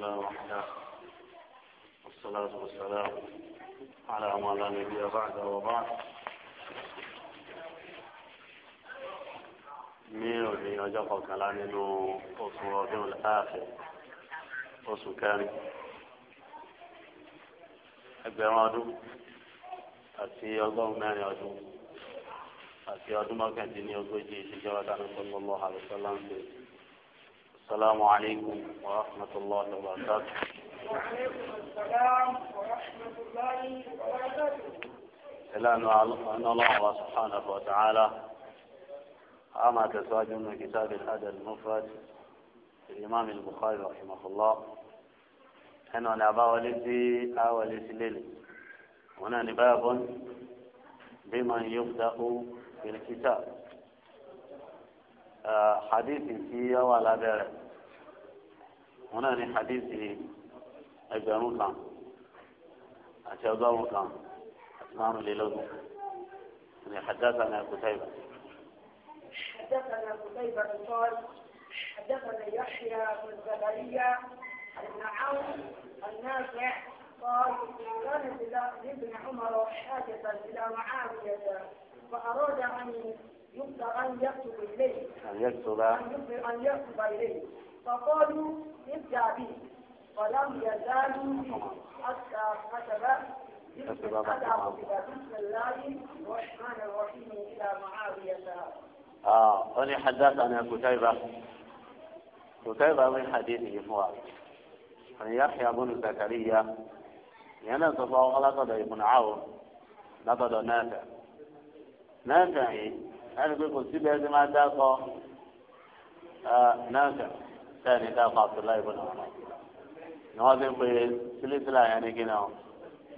الله وحده والصلاة والسلام على ما لا نبي بعده وبعد ní òní ọjọ́ kọkànlá nínú oṣù ọdún láàfin oṣù kẹrin ẹgbẹ̀rún ọdún àti ọgọ́rùn mẹ́rin ọdún àti ọdún mọ́kàndínlógójì ìṣèjọba tánú tó lọ́wọ́ àlùfẹ́ láǹfẹ̀ẹ́. السلام عليكم ورحمة الله وبركاته وعليكم السلام ورحمة الله وبركاته إلا أن الله سبحانه وتعالى أما تزواج من كتاب الأدب المفرد الإمام البخاري رحمه الله أنا أبا ولدي أول ليلي. هنا نباب بمن يبدأ في الكتاب آه، حديث في ولا بيرت هنا náà ní hadithi ẹgbẹ̀rún kan àti ọgọ́rùn kan àti márùnlélógún حدثنا قتيبة حدثنا قتيبة قال حدثنا يحيى بن زكريا أن عون النافع قال كانت لابن عمر حاجة إلى معاوية فأراد أن يكتب أن يكتب إليه أن يكتب أن يكتب إليه فقالوا ارجع به فلم يزالوا به حتى كتب كتب بسم الله الرحمن الرحيم الى معاويه آه أنا حدثنا قتيبة قتيبة من حديثه فؤاد عن يحيى بن زكريا لأن تطلع لقد ابن عون لقد نافع نافع يعني أنا بقول سيدي هذه ما تاقى آه، نافع sẹ́ni dáfà abdullahi ibùdó ọ̀nà ni wọ́n ti ń pè é sílẹ̀sílẹ̀ àyàn ní kíni ọ́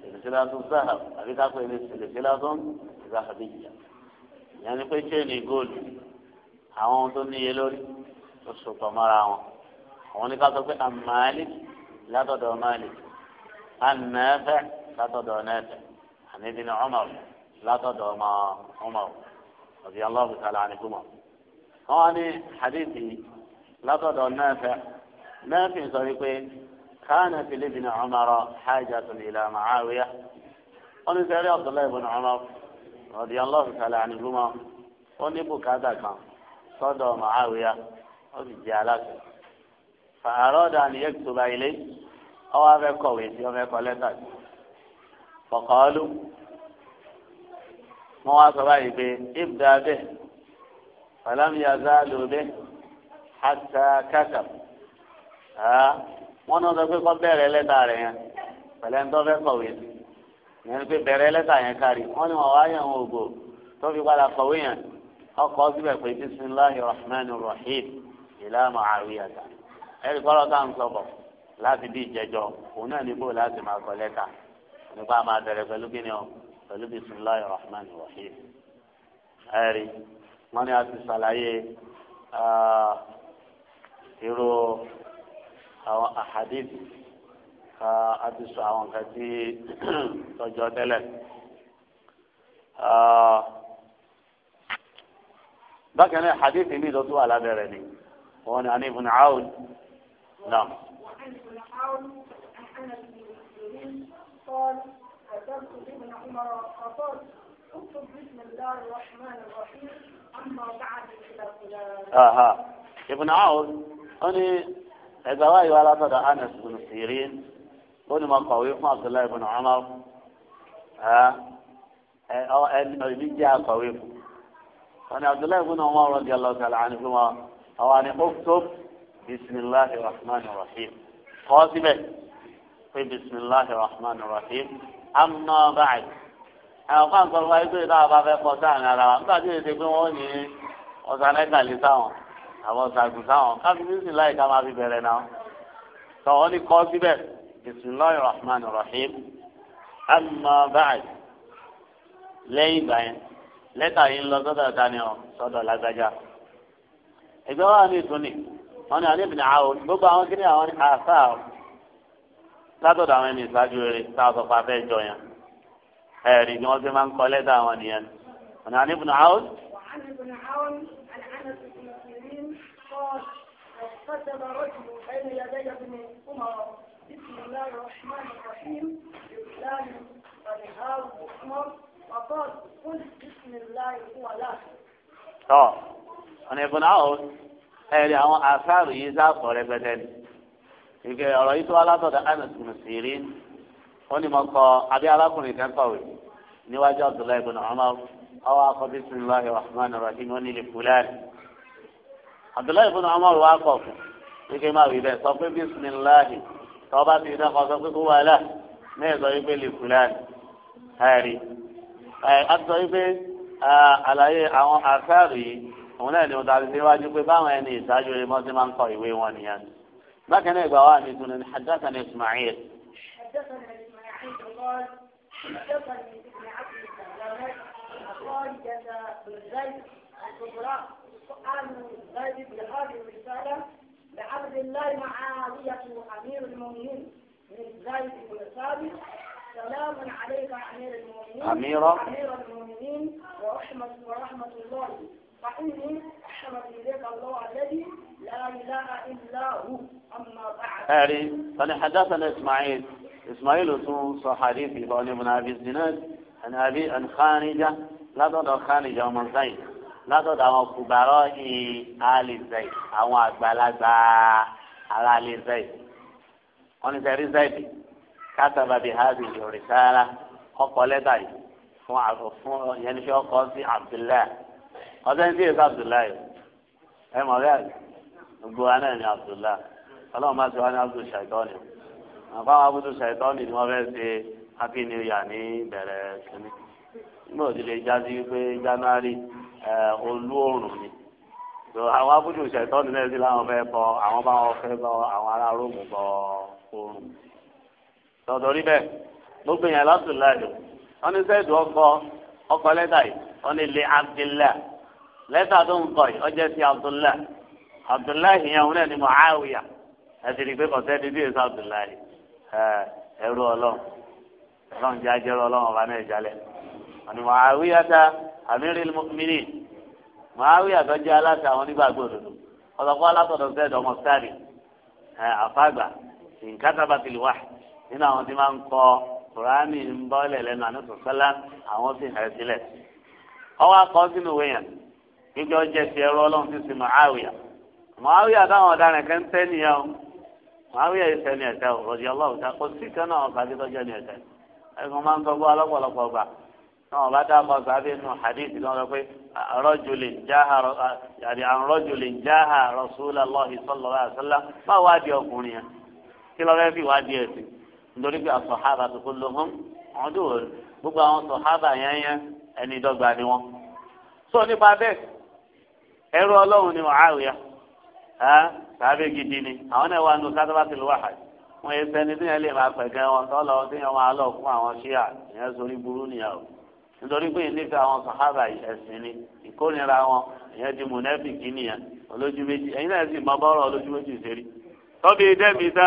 sílẹ̀sílẹ̀ tó zahab àbí ká pè é sílẹ̀sílẹ̀ tó zahabiyya ìyẹn ni pé chéènì góòlù àwọn ohun tó níye lórí tó sopọ̀ mọ́ra wọn àwọn ní ká sọ pé àmàlì látọ̀dọ̀ màlì ànàfẹ́ látọ̀dọ̀ nàfẹ́ àníbi ní Umar látọ̀dọ̀ ọmọ Umar radiyallahu ta'ala anhuma. wọ́n wá ní hadith látọ̀dọ̀ náfẹ̀ náfẹ̀ sọ wípé káàní fìlí bin Umar hajatun ila Muawiya wọn ní sẹ́rí Abdullahi bin Umar radiyallahu ta'ala anhuma ó ní bùkátà kan sọ́dọ̀ فأراد أن يكتب إليه أو أبي كويت أو أبي كولتات فقالوا مواصبة به ابدأ به فلم يزالوا به hàtà kàtà wọn náà sọ pé kọ́ bẹ̀rẹ̀ lẹ́tà rẹ̀ yẹn pẹ̀lẹ́ ń tọ́fẹ́ kọ̀wé yẹn ni pé bẹ̀rẹ̀ lẹ́tà yẹn kárí wọn ni wọn wá yẹn wọn ògbò tó fi padà kọ̀wé yẹn ọkọ̀ síbẹ̀ pé bisimilahi rahman rahim ìlà màáwíyà ta ẹ̀rí kọ́lọ́ tá à ń sọ̀bọ̀ láti bí ìjẹjọ òun náà ní bò láti máa kọ lẹ́tà nípa máa bẹ̀rẹ̀ pẹ̀lú kí ni ọ pẹ̀lú bisimilahi rahman rahim ẹ̀rí wọn ni a ti sàlàyé irú àwọn àhàdìdì ká a ti sọ àwọn nǹkan tí tọjọ tẹ́lẹ̀. bákan náà àhàdìdì mi tó wà lábẹ́rẹ̀ ni wọn ni àní ibùn áwùn náà. ابن عمر wọ́n ní ẹ̀gbà wáyé wa látọ̀dọ̀ Anas bin Sirin ó Abdullahi bin Umar ẹ̀mí jẹ́ akọ̀wé fún wọ́n Abdullahi bin Umar radiyallahu ta'ala anhu fún wọn àwọn oktob bisimilahi rahman rahim kọ́ síbẹ̀ pé bisimilahi rahman rahim amma ba'd àwọn kan sọ fún wa pé ìdáhà bá fẹ́ pọ̀ sáà ní ara wa nígbà tí èdè pé ní lè sáwọn. àwọn sàgùn sáwọn káfíńsì láì ká máa fi bẹ̀rẹ̀ náà tọ́wọ́ ní kọ́ síbẹ̀ bisimilahi rahman rahim amma ba'd lẹ́yìn ìgbà yẹn lẹ́tà yìí ń lọ sọ́dọ̀ dání ọ sọ́dọ̀ lágbájá ẹgbẹ́ wa ní ìtúni wọn ni àní ìbìnà àwọn gbogbo àwọn kiri àwọn ní àṣà látọ̀dọ̀ àwọn ẹni ìṣáájú rere sáàtọ̀ pàfẹ́ jọ yẹn ẹ̀rí ni wọ́n fi máa ń kọ́ lẹ́tà àwọn nìyẹn wọn ni àní ìbìnà àwọn. قدم رجل بين يدي ابن عمر بسم الله الرحمن الرحيم بإسلام فنهاه عمر وقال قل بسم الله هو له. اه انا ابن عون ẹ̀rí àwọn àṣàrò yìí sáàpọ̀ rẹpẹtẹ ni ìgbẹ́ ọ̀rọ̀ yìí tó alátọ̀dọ̀ Anas bin Sirin ó ní mo kọ abẹ́ alákùnrin kan kọ̀wé níwájú Abdullahi ibn Umar ọwọ́ akọ bisimilahi rahman rahim ó ní lè fúláàrí abdullahi ibùdó amọ̀rù wa kọ̀ fún wíkẹ́ máa wí bẹ́ẹ̀ sọ pé bisimilahi tọ́ba ti dá kọ́ sọ pé kó wàhálà mẹ́ẹ̀ sọ wípé lè fúlàní ẹ̀rí ẹ̀ á sọ wípé àlàyé àwọn àfẹ́rù yìí òun náà ni mo tàbí síwájú pé báwọn ẹni ìṣáájú rẹ mọ́ máa ń kọ ìwé wọn nìyẹn bákan náà ìgbà wa mi tún ní hadathana ismail. حدثني ابن عبد السلام قال جزا بن زيد عن أن نجد بهذه الرسالة لعبد الله معاوية أمير المؤمنين من زيد بن ثابت سلام عليك أمير المؤمنين أميرة أمير المؤمنين ورحمة ورحمة الله فإني أحمد إليك الله الذي لا إله إلا هو أما بعد. أعري فلحدثنا إسماعيل إسماعيل صحابي في حديث ابن أبي الزناد عن أبي عن خانجة لا تدع خانجة ومن زيد látọ̀dọ̀ àwọn kùbàrọ̀ ní alizai àwọn àgbàlagbà ara alizai wọn ní sẹ́rí zaidi kátàbà bíi hábì yorùsára ọkọ̀ lẹ́tà yìí fún fún yẹn ní fi ọkọ̀ sí abdullahi ọ̀sẹ̀ ní sí èso abdullahi ẹ mọ̀ bẹ́ẹ̀ gbogbo wa náà ní abdullahi ọlọ́run máa ti wá ní abdul shaitani àbáwọn abdul shaitani ni wọ́n fẹ́ ṣe happy new year ní bẹ̀rẹ̀ kìíní nígbà òdìlẹ̀ jáde wípé january. Eh, olú òrùn ni àwọn abúlé la nílẹ̀ sí láwọn fẹ́ bọ àwọn bá wọn fẹ́ bọ àwọn ará róòmù bọ oorun tọ̀dọ̀ rí bẹ́ẹ̀ gbogbo yẹn lọ́sùn láàyò ní sẹ́ẹ̀dù ọkọ ọkọ lẹ́tà yìí wọ́n ní lè Abdullah lẹ́tà tó ń kọ yìí ọjọ́ sí Abdullah Abdullah yìí yẹn wọ́n ní Muawiya ẹ̀sìn ìgbé kọ̀sẹ́ ní bíyèsí Abdullah yìí eh, ọlọ́run ọlọ́run jẹ́ ajẹ́rọ ọlọ́run ọba náà àni màáwíyá ta àmíril mímí màáwíyá tó jẹ́ aláṣẹ àwọn onígbàgbọ́ òdodo ọ̀sọ̀kọ́ alátọ̀dọ̀ sẹ́ẹ̀dọ̀ ọmọ sáré àfàgbà nkátàbà tìlú wà nínú àwọn tí máa ń kọ kùránì ń bọ́lẹ̀ lẹ́nu àná sọ̀sọ́lá àwọn sì hẹ̀ sílẹ̀ ọwọ́ akọ sínú ìwé yẹn gbígbé ọjẹ́ ti ẹrú ọlọ́run ti sin màáwíyá màáwíyá táwọn ọ̀daràn kan tẹ́ nìyẹn o màáwíyá yìí sẹ́ni ẹ̀tẹ́ o rọ̀dí ọlọ́run ta kò sí kan náà ọ̀gá tó ni ẹ̀tẹ́ ẹ̀gbọ́n máa ń tọ́gbọ́ ọlọ́pọ̀lọpọ̀ gbà náà bá dá mọ sábẹ́ nù hadith náà lọ pé rọ́jùlìn jáhà yàrá àwọn rọ́jùlìn jáhà rasulullahi sallallahu alaihi wasallam má wá di ọkùnrin yẹn kí lọ́wọ́ fi wá di ẹ̀sìn nítorí pé àsọ̀hábà tó kó lóhùn àwọn tó wọ̀ gbogbo àwọn sọ̀hábà yẹn yẹn ẹni dọ́gba ni wọ́n. sọ nípa bẹ́ẹ̀ ẹrú ọlọ́run ni Muawiya sábẹ́ gidi ni àwọn náà wà nù sátábàtì lọ́wọ́ wọn yẹ sẹni tí yẹn lè máa pẹ̀gẹ́ wọn tọ́lọ́ tí yẹn máa lọ fún àwọn ṣíà ìyẹn sórí burú nìyàwó nítorí pé nífẹ̀ẹ́ àwọn sàhábà ẹ̀sìn ni ìkórìíra wọn ìyẹn di mùnẹ́fìkì nìyẹn olójú méjì ẹ̀yin náà sì mọ bọ́ọ̀rọ̀ olójú méjì ṣeré tọ́bi dẹ́mi dá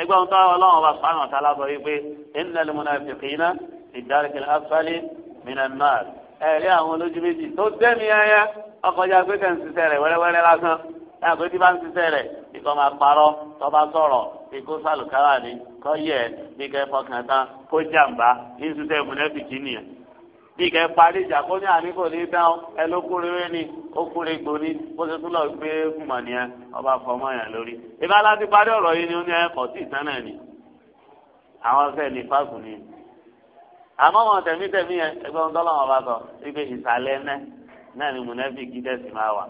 ẹgbẹ́ ohun tó ọlọ́run ọba sùpánù ọ̀tá lábọ̀ yìí pé innal munafiqina fi darkil asfali minan nar ẹ̀rí àwọn olójú méjì tó dẹ́mi ayá ọkọjá pé kẹ́ ń ṣiṣẹ́ rẹ̀ wẹ́rẹ́wẹ́rẹ́ lásán láàbò tí bá ń ṣiṣẹ́ bí kẹ parí ìjà kó ní àníkò ní dáhùn ẹ ló kúrè wé ni ó kúrè gbóni ó ti tún lọ gbé kùmọ̀ nìyẹn ọba fọmọ yẹn lórí ìbá láti parí ọ̀rọ̀ yìí ni ó ní ẹ̀kọ́ tí ìtàn náà ni àwọn fẹ́ ní fáàkù ni àmọ́ wọn tẹ̀mítẹ̀mí yẹn ẹgbẹ́ wọn tọ́lọ́ wọn bá sọ wípé ìsàlẹ̀ náà náà ni mùnẹ́fì kí máa wà.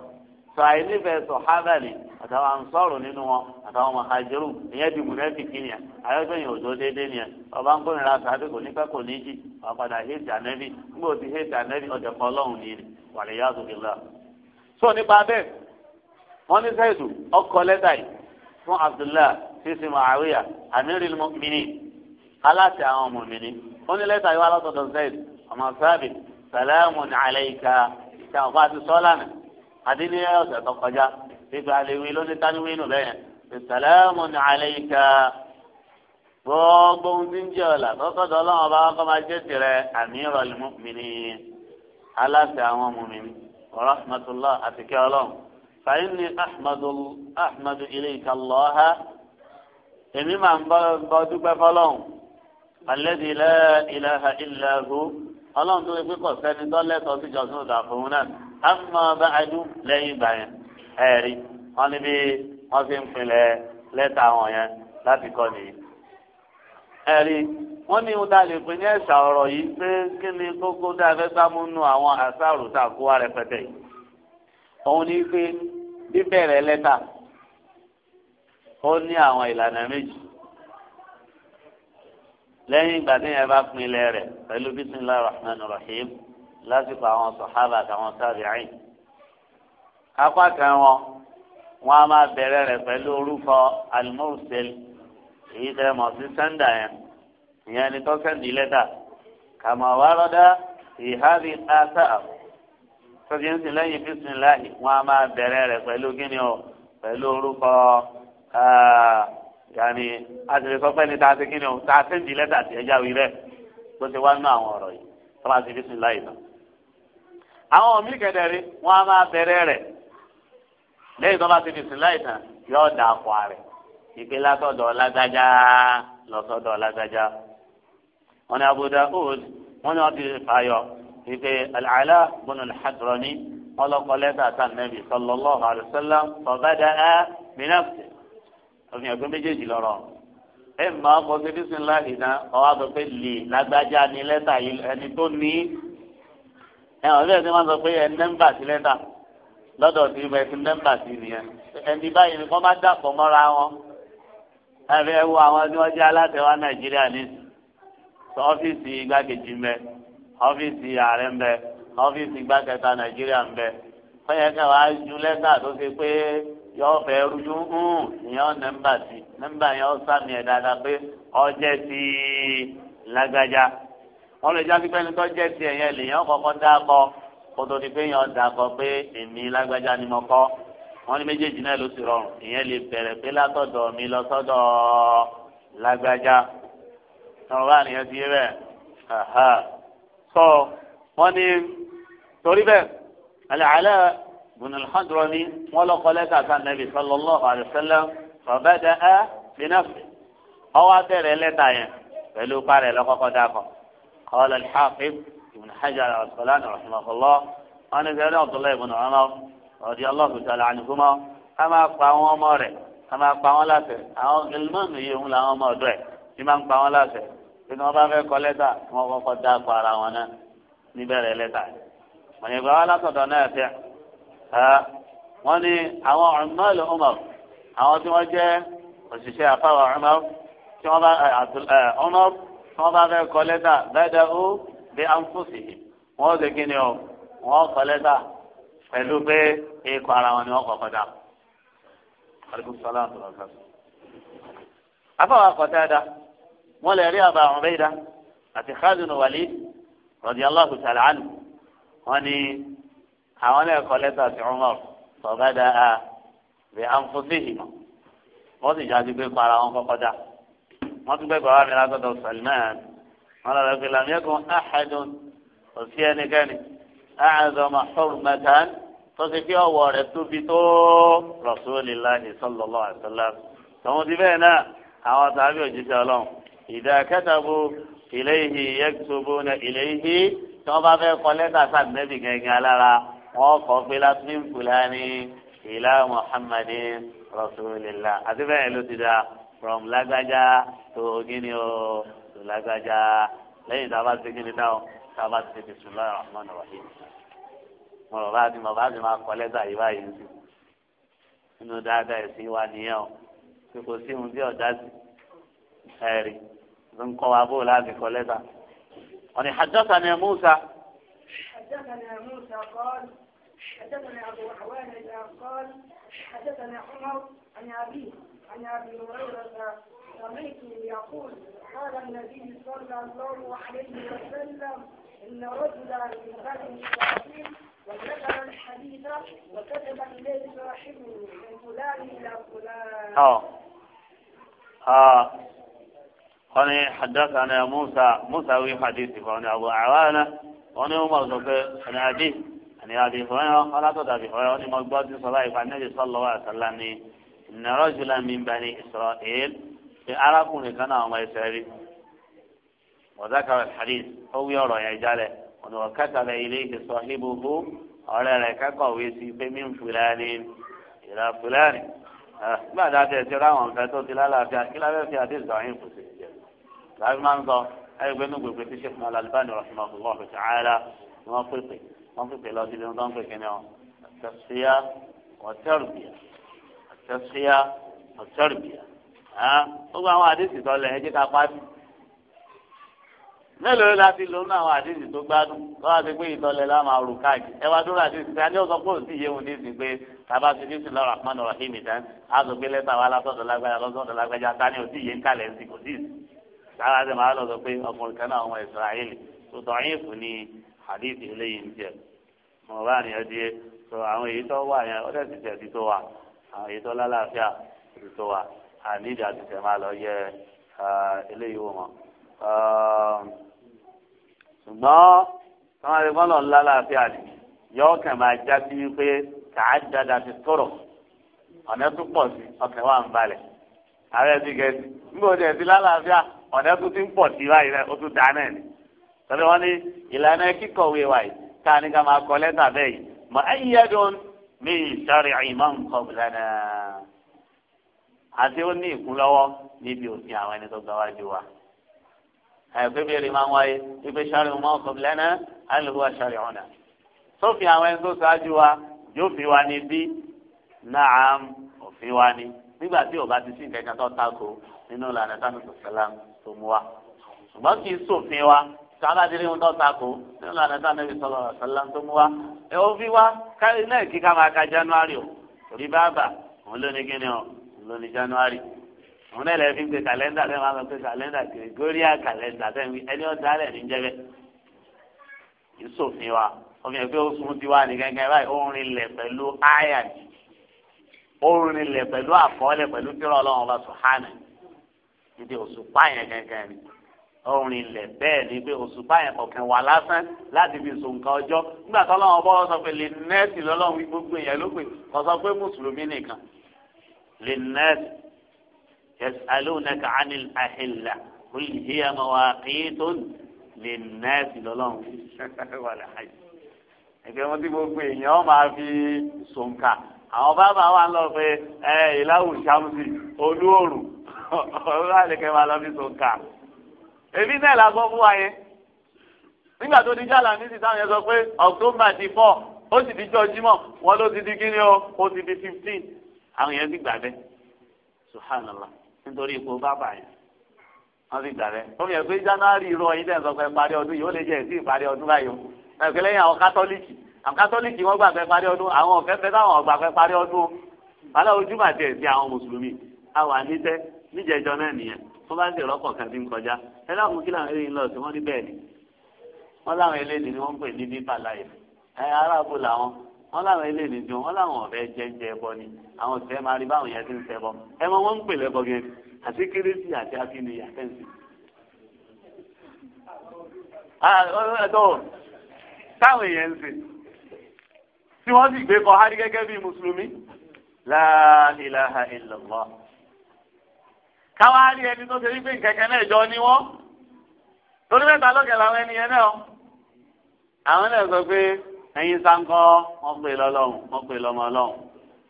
sọ̀hàì nífẹ̀ẹ́ sọ̀hábà ni àtàwọn ansọ́ọ̀rù nínú wọn àtàwọn mọ̀hájẹ́rù ìyẹn di mùnẹ́fìkì yẹn ayọ́gbẹ́yìn òjò déédéé yẹn ọba ń gbóyìn sàbí kò ní pẹ́ ní jì ọ̀padà hẹ́ẹ̀tì ànẹ́bí nígbà tí hẹ́ẹ̀tì ànẹ́bí ọ̀dẹ̀ kọ́ ọlọ́run ni wàlẹ̀ yá àdùnkì lọ. sọ nípa bẹ́ẹ̀ wọ́n ní sẹ́ẹ̀dù ọkọ̀ lẹ́tà yìí fún Abdullah sisi Muawiya amiri mu'minin aláṣẹ àwọn ní yìí àdínní ọ̀sẹ̀ tó kọjá gbígbà àlewé lóní táníwé nù bẹ́ẹ̀ ìsàlámù ní àlẹ́yìíká gbogbo ohun tí ń jẹ́ ọ̀la tọ́tọ́dọ̀ ọlọ́run ọba kọ́ máa jẹ́ tirẹ̀ àmì ìrọ̀lẹ́ mọ́mìnì aláṣẹ àwọn mọ́mìnì rahmatulah àti kẹ́ ọlọ́run fàyín ní ahmadu ilé ìkàlọ́ha èmi máa ń bọ́ dúpẹ́ fọlọ́run alẹ́dí ilẹ̀ ilẹ̀ ilẹ̀ hu tó ṣe pé kò sẹ́ni tó lẹ́tọ̀ọ́ síjọ́sìn ọ̀dà amma ba'du lẹ́yìn ìgbà yẹn ẹ̀rí wọn níbi wọn fi ń pinlẹ̀ lẹ́tà wọn yẹn láti kọ́ nìyí. ẹ̀rí wọn ní ohun tá a lè pè ní ẹ̀ṣà ọ̀rọ̀ yìí pé kí ni kókó tá a fẹ́ gbámú nù àwọn àṣàrò tá a kó wa rẹpẹtẹ yìí. òun ní pé bíbẹ̀rẹ̀ lẹ́tà ó ní àwọn ìlànà méjì lẹ́yìn ìgbà tí yẹn bá pinlẹ̀ rẹ̀ pẹ̀lú bismillahir rahmanir rahim lásìkò àwọn sọ̀hábà àtàwọn tábìáìn. apá kan wọn wọn a máa bẹ̀rẹ̀ rẹ̀ pẹ̀lú orúkọ almursel èyí tẹ́ mọ̀ sí sẹ́ńdà yẹn ìyẹn ni tó sẹ́ńdì lẹ́tà kàmá wà lọ́dá ìhábì àtà sọ́jà ń sìn lẹ́yìn bísíláì wọn a máa bẹ̀rẹ̀ rẹ̀ pẹ̀lú kíni o pẹ̀lú orúkọ yanni àtìlẹ́ sọ pé ní o ta sẹ́ńdì lẹ́tà tiẹ̀ jáwé rẹ̀ tó ti nínú àwọn ọ̀rọ̀ yìí tọ́lá ti bísíláì náà àwọn míì kẹdẹrin wọn a máa bẹ̀rẹ̀ rẹ lẹ́yìn tó bá ti bìsìn láì tán yóò dà kọ rẹ ìpè látọ̀dọ̀ lágbájá lọsọdọ lágbájá wọn ni Abu Daud wọn ni wọn ti fàyọ ìpè Al-Ala ibn al-Hadrami wọn lọ kọ lẹ́tà sí Ànábì sallallahu alaihi wasallam fabada'a bi nafsihi òfin ẹgbẹ́ méjèèjì lọ́rọ̀ ẹ máa kọ sí bìsìn láì tán ọwọ́ àgbẹ̀pẹ̀ lè lágbájá ni lẹ́tà yìí ẹni tó ní ẹ ọ̀rẹ́ ẹni máa sọ pé ẹ nẹ́mbà sí lẹ́tà lọ́dọ̀ tí ibẹ̀ ti nẹ́mbà sí nìyẹn ẹni báyìí ni wọ́n bá dàpọ̀ mọ́ra wọn ẹ̀rí ẹ wo àwọn tí wọ́n jẹ́ alátẹ̀wá nàìjíríà ní ọ́fíìsì igbákejì ń bẹ ọ́fíìsì ààrẹ ń bẹ ọ́fíìsì igbákẹta nàìjíríà ń bẹ fẹ́yẹ kẹwàá ju lẹ́tà tó ṣe pé yọ fẹ́ rújú hùn ìyẹn nẹ́mbà sí nẹ́mbà yẹn ó sàmì ẹ̀ dáadáa pé ọjẹ́ ti lágbájá wọn lè jáde pé ẹni tó jẹ́ tiẹ̀ yẹn lèyàn kọ́kọ́ dákọ́ kótó ni pé yẹn dákọ́ pé èmi lágbájá ni mo kọ́ wọn ní méjèèjì náà ló sì rọrùn ìyẹn lè bẹ̀rẹ̀ pé látọ̀dọ̀ mi lọ sọ́dọ̀ lágbájá ọ̀rọ̀ bá nìyẹn ti yé bẹ́ẹ̀ sọ wọn ní torí bẹ́ẹ̀ alẹ́ bùnú alḥadúrọ̀ ni wọ́n lọ kọ́ lẹ́tà sí anabi sallallahu alayhi wa sallam fàbẹ́dẹ́ ẹ́ bínafẹ́ ọwọ́ abẹ́rẹ́ lẹ́tà yẹn pẹ̀lú parẹ́ lọ́kọ́kọ́ dákọ̀. قال الحافظ ابن حجر العسقلاني رحمه الله أنا قال عبد الله بن عمر رضي الله تعالى عنهما أما قام عمر أما قام لا سي أو علم يوم لا عمر ده إمام قام لا سي إن أبا في كولتا ما قد دا قارا وانا له لتا من يقول لا تدنا يتع ها وني أو عمال عمر أو تواجه وشيشة أفا عمر عبد عمر wọ́n bá fẹ́ kọ lẹ́tà bẹ́ẹ̀ ó bí anfúsì wọ́n ṣe kí ni ọ wọ́n kọ lẹ́tà pẹ̀lú pé ikọ̀ ara wọn ni wọ́n kọ̀ kọjá. afọwọ́ akọ̀tà ẹ̀dá wọ́n lè rí àbá àwọn bẹ́ẹ̀ dá àti Khalid Walid radiyallahu ta'ala anhu wọ́n ní àwọn náà kọ lẹ́tà sí Umar sọ̀gádà bí anfúsì ìmọ̀ wọ́n sì jáde pé ikọ̀ ara wọn kọ̀ kọjá wọ́n tún gbẹ́gbẹ́ wàá mi látọ̀dọ̀ Salman wọ́n lọ́dọ̀ pé làmì ẹ̀kọ́ ahadun kò sí ẹnikẹ́ni a'zama hurmatan tó ti fi ọwọ́ rẹ̀ tóbi tó Rasulillahi sallallahu alaihi wasallam tòun ti bẹ́ẹ̀ náà àwọn tàbí òjíṣẹ́ ọlọ́run ìdá kẹtàbù ilayhi yaktubuna ilayhi tí wọ́n bá fẹ́ kọ lẹ́tà sàgbẹ́bì gẹ́gẹ́ alára wọ́n kọ́ pé látìmí fúlàní ìlà Muhammadin Rasulillah àti bẹ́ẹ̀ ló ti dáa from lágbájá tó gíní o oh, tó lágbájá lẹ́yìn tá a bá ti gíní dáhùn tá a bá ti fi sùn lọ́rọ̀ àmọ́ nọ̀rọ̀ yìí mo rọ̀ bá ti mọ̀ bá ti máa kọ́ lẹ́tà yìí báyìí nìyí nínú dáadáa ẹ̀sìn wa nìyẹn o pé kò sí ohun tí ọ̀dá sí ẹ̀rí ló ń kọ́ wa bó láti kọ́ lẹ́tà ọ̀nì àjọsà ni Musa. حدثنا أبو عوانة قال حدثنا عمر عن أبيه عن أبي هريرة سمعته يقول قال النبي صلى الله عليه وسلم إن رجلا من بني إسرائيل وكتب الحديث وكتب إليه صاحبه من فلان إلى فلان. آه. آه. قال حدثنا موسى موسى وي حديثي قال أبو عوانة قال عمر بن أبي عن أبي هريرة قال أبي هريرة قال مقبض صلاة النبي صلى الله عليه وسلم ان رجلا من بني اسرائيل يعرفون عربون كان ما يسري وذكر الحديث او يرى يجاله وكتب اليه صاحبه على لك قوي من فلان الى فلان بعد هذا ترى ان فتوت لا لا في كلا في حديث ضعيف لازم انظر اي بنو بقيت شيخنا الالباني رحمه الله تعالى منطقي منطقي لازم نظام كنا التصفيه وتربية tẹ̀síyá ọ̀tẹ́rìbìyà gbogbo àwọn àdéhùn tó lẹ̀ ẹjẹ́ ká pàdé mélòó la ti lò ní àwọn àdéhùn tó gbádùn tó wá sí pé ìtọ́lẹ̀ la máa rò káàkiri ẹ wá dúró àdéhùn tí a ní ọ̀sán pé òsì yéwu ní ìsìn pé bàbá ti ní sùn lọ́rọ̀ àpọ́n ọ̀rọ̀ ìmì tán á sọ pé lẹ́tà wa lásọ̀dọ̀ lágbájá lọ́sọ̀dọ̀ lágbájá ta ni òsì yéwu kálẹ̀ ẹ̀sìn kò sí ìsìn sára ṣe máa lọ ni àdéhùn eléyìí ń jẹ àwọn èyí tó lálàáfíà ti tó wa àní ìdí àti tẹ̀ máa lọ yẹ eléyìí wò mọ́. ṣùgbọ́n táwọn ẹgbẹ́ náà lálàáfíà ni yọ̀ọ́ kàn máa já sí wípé kàá dáadáa ti tọ̀rọ̀ ọ̀nà tó pọ̀ sí ọkàn wa ń balẹ̀ ààrẹ ti gẹ̀ sí nígbà tó ti lálàáfíà ọ̀nà tó ti ń pọ̀ sí báyìí rẹ̀ ó tún dáa náà ni tọ́lá wọn ní ìlànà kíkọ̀wé wa káà ní ká máa kọ lẹ́tà bẹ́ẹ̀ yìí mọ ayé yẹ min shari'i man qablana àti ó ní ìkúnlọ́wọ́ níbi òfin àwọn ẹni tó gba wájú wa àyàfi bèrè máa ń wáyé ibi sáré wọn kọ lẹ́nà àlùwà sáré ọ̀nà sófin àwọn ẹni tó ṣáájú wa yóò fi wa ní bí náà òfin wa ní nígbà tí ò bá ti sí nǹkan tó tako nínú ìlànà táwọn sọ̀sálàm tó mú wa ṣùgbọ́n kì í sófin wa sábà délé ń dọ́ta kó nínú ìlànà tá nàbí sọlọ ọ̀sánlá tó mú wa ẹ ó fi wá káyọ náà kí ká máa ka january o torí báàbà òun ló ní kíni o òun ló ní january òun náà lè fi pe kàlẹ́ndà lè máa lọ pe kàlẹ́ndà gregorian kàlẹ́ndà tẹ̀ wí ẹni ọ̀dà rẹ̀ ní jẹ́bẹ̀ ìsòfin wa òfin ẹ̀ pé ó sun tiwa ní gẹ́gẹ́ báyìí ó ń rinlẹ̀ pẹ̀lú iron ó ń rinlẹ̀ pẹ̀lú àkọọ́lẹ̀ pẹ̀lú tírọ̀ ọlọ́run ọba sùhánà ìdí òṣùpá yẹn gẹ́gẹ́ ni ọrùn ilẹ̀ bẹ́ẹ̀ ni pé òṣùpá yẹn kọ̀ọ̀kan wà lásán láti fi sùn nǹkan ọjọ́ nígbà tó lọ́wọ́ bọ́ sọ pé lè nẹ́ẹ̀sì lọ́lọ́run wí gbogbo yẹn ló pè kọ́ sọ pé mùsùlùmí nìkan lè nẹ́ẹ̀sì yasalunaka anil ahilla qul hiya mawaqitun lè nẹ́ẹ̀sì lọ́lọ́run wà láàyè. ẹgbẹ́ wọn tí gbogbo èèyàn máa fi sùn kà àwọn bàbá wa lọ pé ẹ ìlàwù sàmùsì olú òrù ọ̀rọ̀ èmi náà la gbọ́ fún wa yẹn nígbà tó di jàlá ní sísá yẹn sọ pé october ti four ó sì di jọjúmọ́ wọn ló ti di kíni o ó ti di fifteen àwọn yẹn ti gbà bẹ́ subhanallah nítorí ipò bàbà yẹn wọn ti gbà bẹ́ ó yẹ pé january rọ yín dẹ̀ sọ pé parí ọdún yìí ó lè jẹ́ èsì ìparí ọdún báyìí o ẹ̀kẹ́ lẹ́yìn àwọn kátólíìkì àwọn kátólíìkì wọ́n gbà pé parí ọdún àwọn ọ̀fẹ́fẹ́ táwọn ọ̀gbà pé parí ọdún o wàhálà ojúmọ̀ àti ẹ̀sìn àwọn mùsùlùmí àwọn àníṣẹ́ níjẹ̀jọ náà nìyẹn tó bá sì rọ́pọ̀ kan ti ń kọjá ẹ láwọn kí làwọn eléyìí ń lọ sí wọ́n ní bẹ́ẹ̀ ni wọ́n láwọn eléyìí ni wọ́n pè ní bíbà láyè ẹ aráàbò làwọn wọ́n láwọn eléyìí dùn wọ́n láwọn ọ̀bẹ jẹ́jẹ́ ẹbọ ni àwọn òṣèré máa rí báwọn yẹn ti ń ṣẹbọ ẹ mọ wọ́n ń pè lẹ́bọ gẹ́gẹ́ àti kérésì àti akíni àtẹ̀sí. táwọn èèyàn ń sè tí wọ́n sì gbé kọ́ hárí gẹ́gẹ́ bí mùsùlùmí la ilaha illallah káwá rí ẹni tó ṣe wípé kẹ̀kẹ́ náà jọ ni wọ́n torí mẹ́ta lọ́kẹ̀ làwọn ẹnìyẹn náà àwọn náà sọ pé ẹyin sáńkọ́ wọ́n pè lọ́lọ́run wọ́n pè lọ́mọ ọlọ́run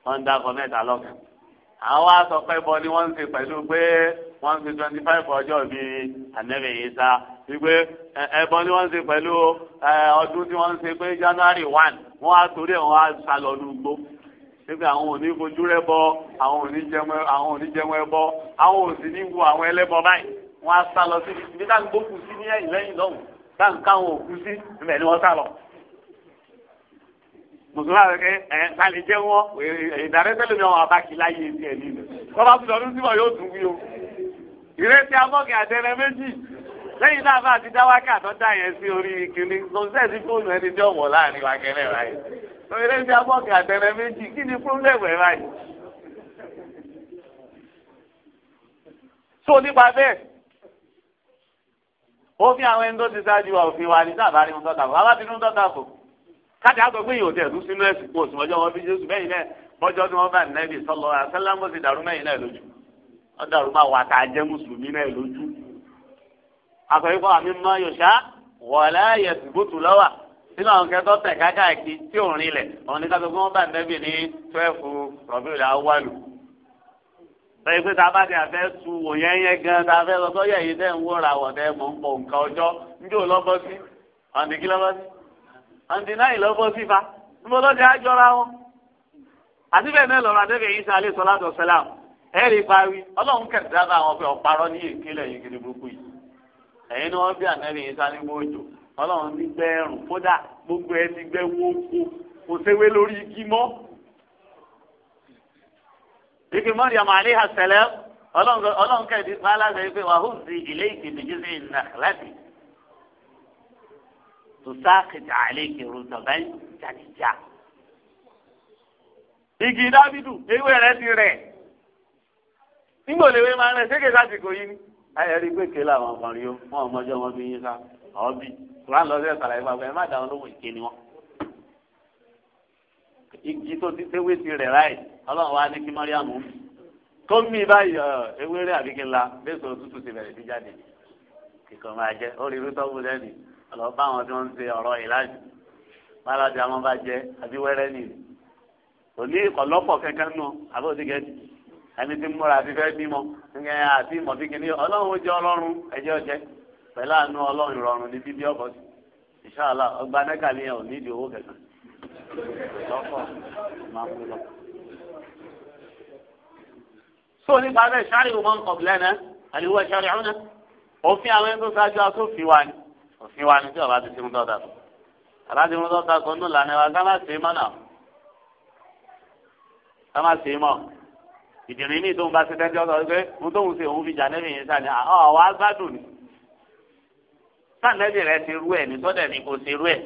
wọ́n ń dákọ̀ mẹ́ta lọ́kẹ̀ àwọn wá sọ pé bọ ni wọ́n ń ṣe pẹ̀lú pé wọ́n ń ṣe twenty five ọjọ́ bíi ànẹ́bẹ̀ yìí sá wípé ẹbọ ni wọ́n ń ṣe pẹ̀lú ọdún tí wọ́n ń ṣe pé January one wọ́n á torí ẹ̀ wọ́n á sálọ ọdún gbó nígbà àwọn ò ní fojú rẹ bọ àwọn ò ní jẹun àwọn ò ní jẹun ẹbọ àwọn ò sì ní wo àwọn ẹlẹ́bọ báyìí wọ́n á sá lọ síbi síbi táwọn gbókù sí ní ẹ̀yìn lẹ́yìn lọ́hùn táwọn káwọn òkú sí ibẹ̀ ni wọ́n sá lọ. mùsùlùmí àwọn ẹ̀kẹ́ ẹ̀ ta lè jẹ́ wọn ìdárẹ́sẹ̀lẹ̀ mi àwọn abáki láyé etí ẹ̀ nílẹ̀ wọ́n bá tún lọ́dún síbọ̀ yóò tún wí o. ìrẹsì abọ́kẹ́ àtẹrẹ méjì lẹ́yìn náà bá ti dáwákà tó dá yẹn sí orí kìnní lọ sẹ́ẹ̀sì fóònù ẹni tí ọ̀wọ̀ láàrin wa lórí lẹ́yìn tí a bọ̀ kí àtẹ̀rẹ̀ méjì kí ni pírọ́blẹ̀mù ẹ̀ báyìí. tó nípa bẹ́ẹ̀ ó fi àwọn ẹni tó ti ṣáájú wa òfin wa ní sábà ní ohun tọ́ta fún abábínú tọ́ta fún káàdì àgbègbè yìí ò tẹ̀ ẹ̀dú sínú ẹ̀sìn kó oṣù mọ́jọ́ wọn fi Jésù bẹ́yìn náà mọ́jọ́ tí wọ́n bá nẹ́bì sọ́lọ́ àṣẹlámọ́ ti dàrú mẹ́yìn náà lójú wọ́n dàrú máa wà tá a jẹ́ mùsùlùmí náà lójú. àkọ́yí fún àmì mọ́ yòṣá wọ̀ọ́lá yẹ̀sì bùtù lọ́wà nínú àwọn kẹtọ́ tẹ̀ kákàkiri tí ò rinlẹ̀ àwọn ní kátó fún bá nẹ́bì ní twelve rọ̀bìl awọ́lù. lóye pé tá a bá ti àfẹ́ tu wò yẹn yẹn gan tá a fẹ́ lọ sọ́yẹ̀ yìí dẹ́ ń wọ́ra wọ̀ dẹ́ mọ̀ ń pọ̀ nǹkan ọjọ́ njó lọ́bọ́ sí ọ̀ǹdìkí lọ́bọ́ sí ọ̀ǹdìnáì lọ́bọ́ sí fa níbo ló ti àjọra wọn. àti bẹ́ẹ̀ náà lọ́rọ̀ adébẹ̀ yìí sálẹ̀ sọ́látọ̀ sẹ́lám ẹ̀rí parí ọlọ́run kẹ̀dá ọlọ́run ní gbẹ́rùn kódà gbogbo ẹni gbẹ́ wo kó kò séwé lórí igi mọ́. Ibi Maryam alayha salam ọlọ́run kẹ́ẹ̀dì fáláṣẹ pé wàhùn sí ilé ìkìlì jíjí ìnàkìláṣì. Tùsáàkìtì àlékè rùtọ̀bẹ́ jàdìjà. Igi dábìdù ewé rẹ̀ ti rẹ̀. Nígbò lèwe máa ń rẹ̀ ṣé kèsà ti kò yí ni? Ayẹ̀rí pé kéla àwọn ọmọ rí o, wọn bí yín sá, ọ̀ bí kuran lọ sí ẹ̀ sàlàyé gbàgbọ́ ẹ má dà wọn lóhùn ìké ni wọn. igi tó ti tẹ́wé ti rẹ̀ ráì ọlọ́run wa ní kí mọ́ríàmù mi tó mi báyìí ewéré àbíkí ńlá bẹ́sẹ̀ òtútù ti bẹ̀rẹ̀ sí jáde kíkan máa jẹ́ ó rí irú tọ́wọ́ lẹ́nu ọ̀lọ́ bá àwọn tí wọ́n ń ṣe ọ̀rọ̀ ìlàjì bálájà wọn bá jẹ́ àbí wẹ́rẹ́ kò ní ìkọ̀lọ́pọ̀ kankan nù àbóòdìgẹ́ ẹni tí múra àti fẹ́ bímọ àti ìmọ̀ bí ọlọ́run ó jẹ́ ọlọ́run ẹ̀jẹ̀ ọ̀jẹ́ pẹ̀lú àánú ọlọ́run ìrọ̀rùn ní bíbí ọkọ̀ sí ìṣáàlà ọgbà nẹ́kà ni ò nídìí owó kẹsàn-án lọ́kọ̀ máa mú lọ. sọ nípa bẹ́ẹ̀ ṣáàrì wọn mọ̀ nǹkan bìlẹ̀ náà àdìwọ́ ṣáàrì ọ̀hún náà òfin àwọn ẹni tó ṣáájú asófin wa ni òfin wa ni tí ọba ti ti mú dọ́ta tó aláàdì mú dọ́ta tó nù lànà wa gámà sí mọ́ náà mọ́ ìdìrín ní ìtòun bá ṣe tẹ́tí ọ̀sán pé mo tóun ṣe òun fi jà nẹ́bí yẹn sáà ni àwọn àwa gbádùn ni sànẹ́bì rẹ ti rú ẹ̀ ní sọ́dẹ̀ ni kò ti rú ẹ̀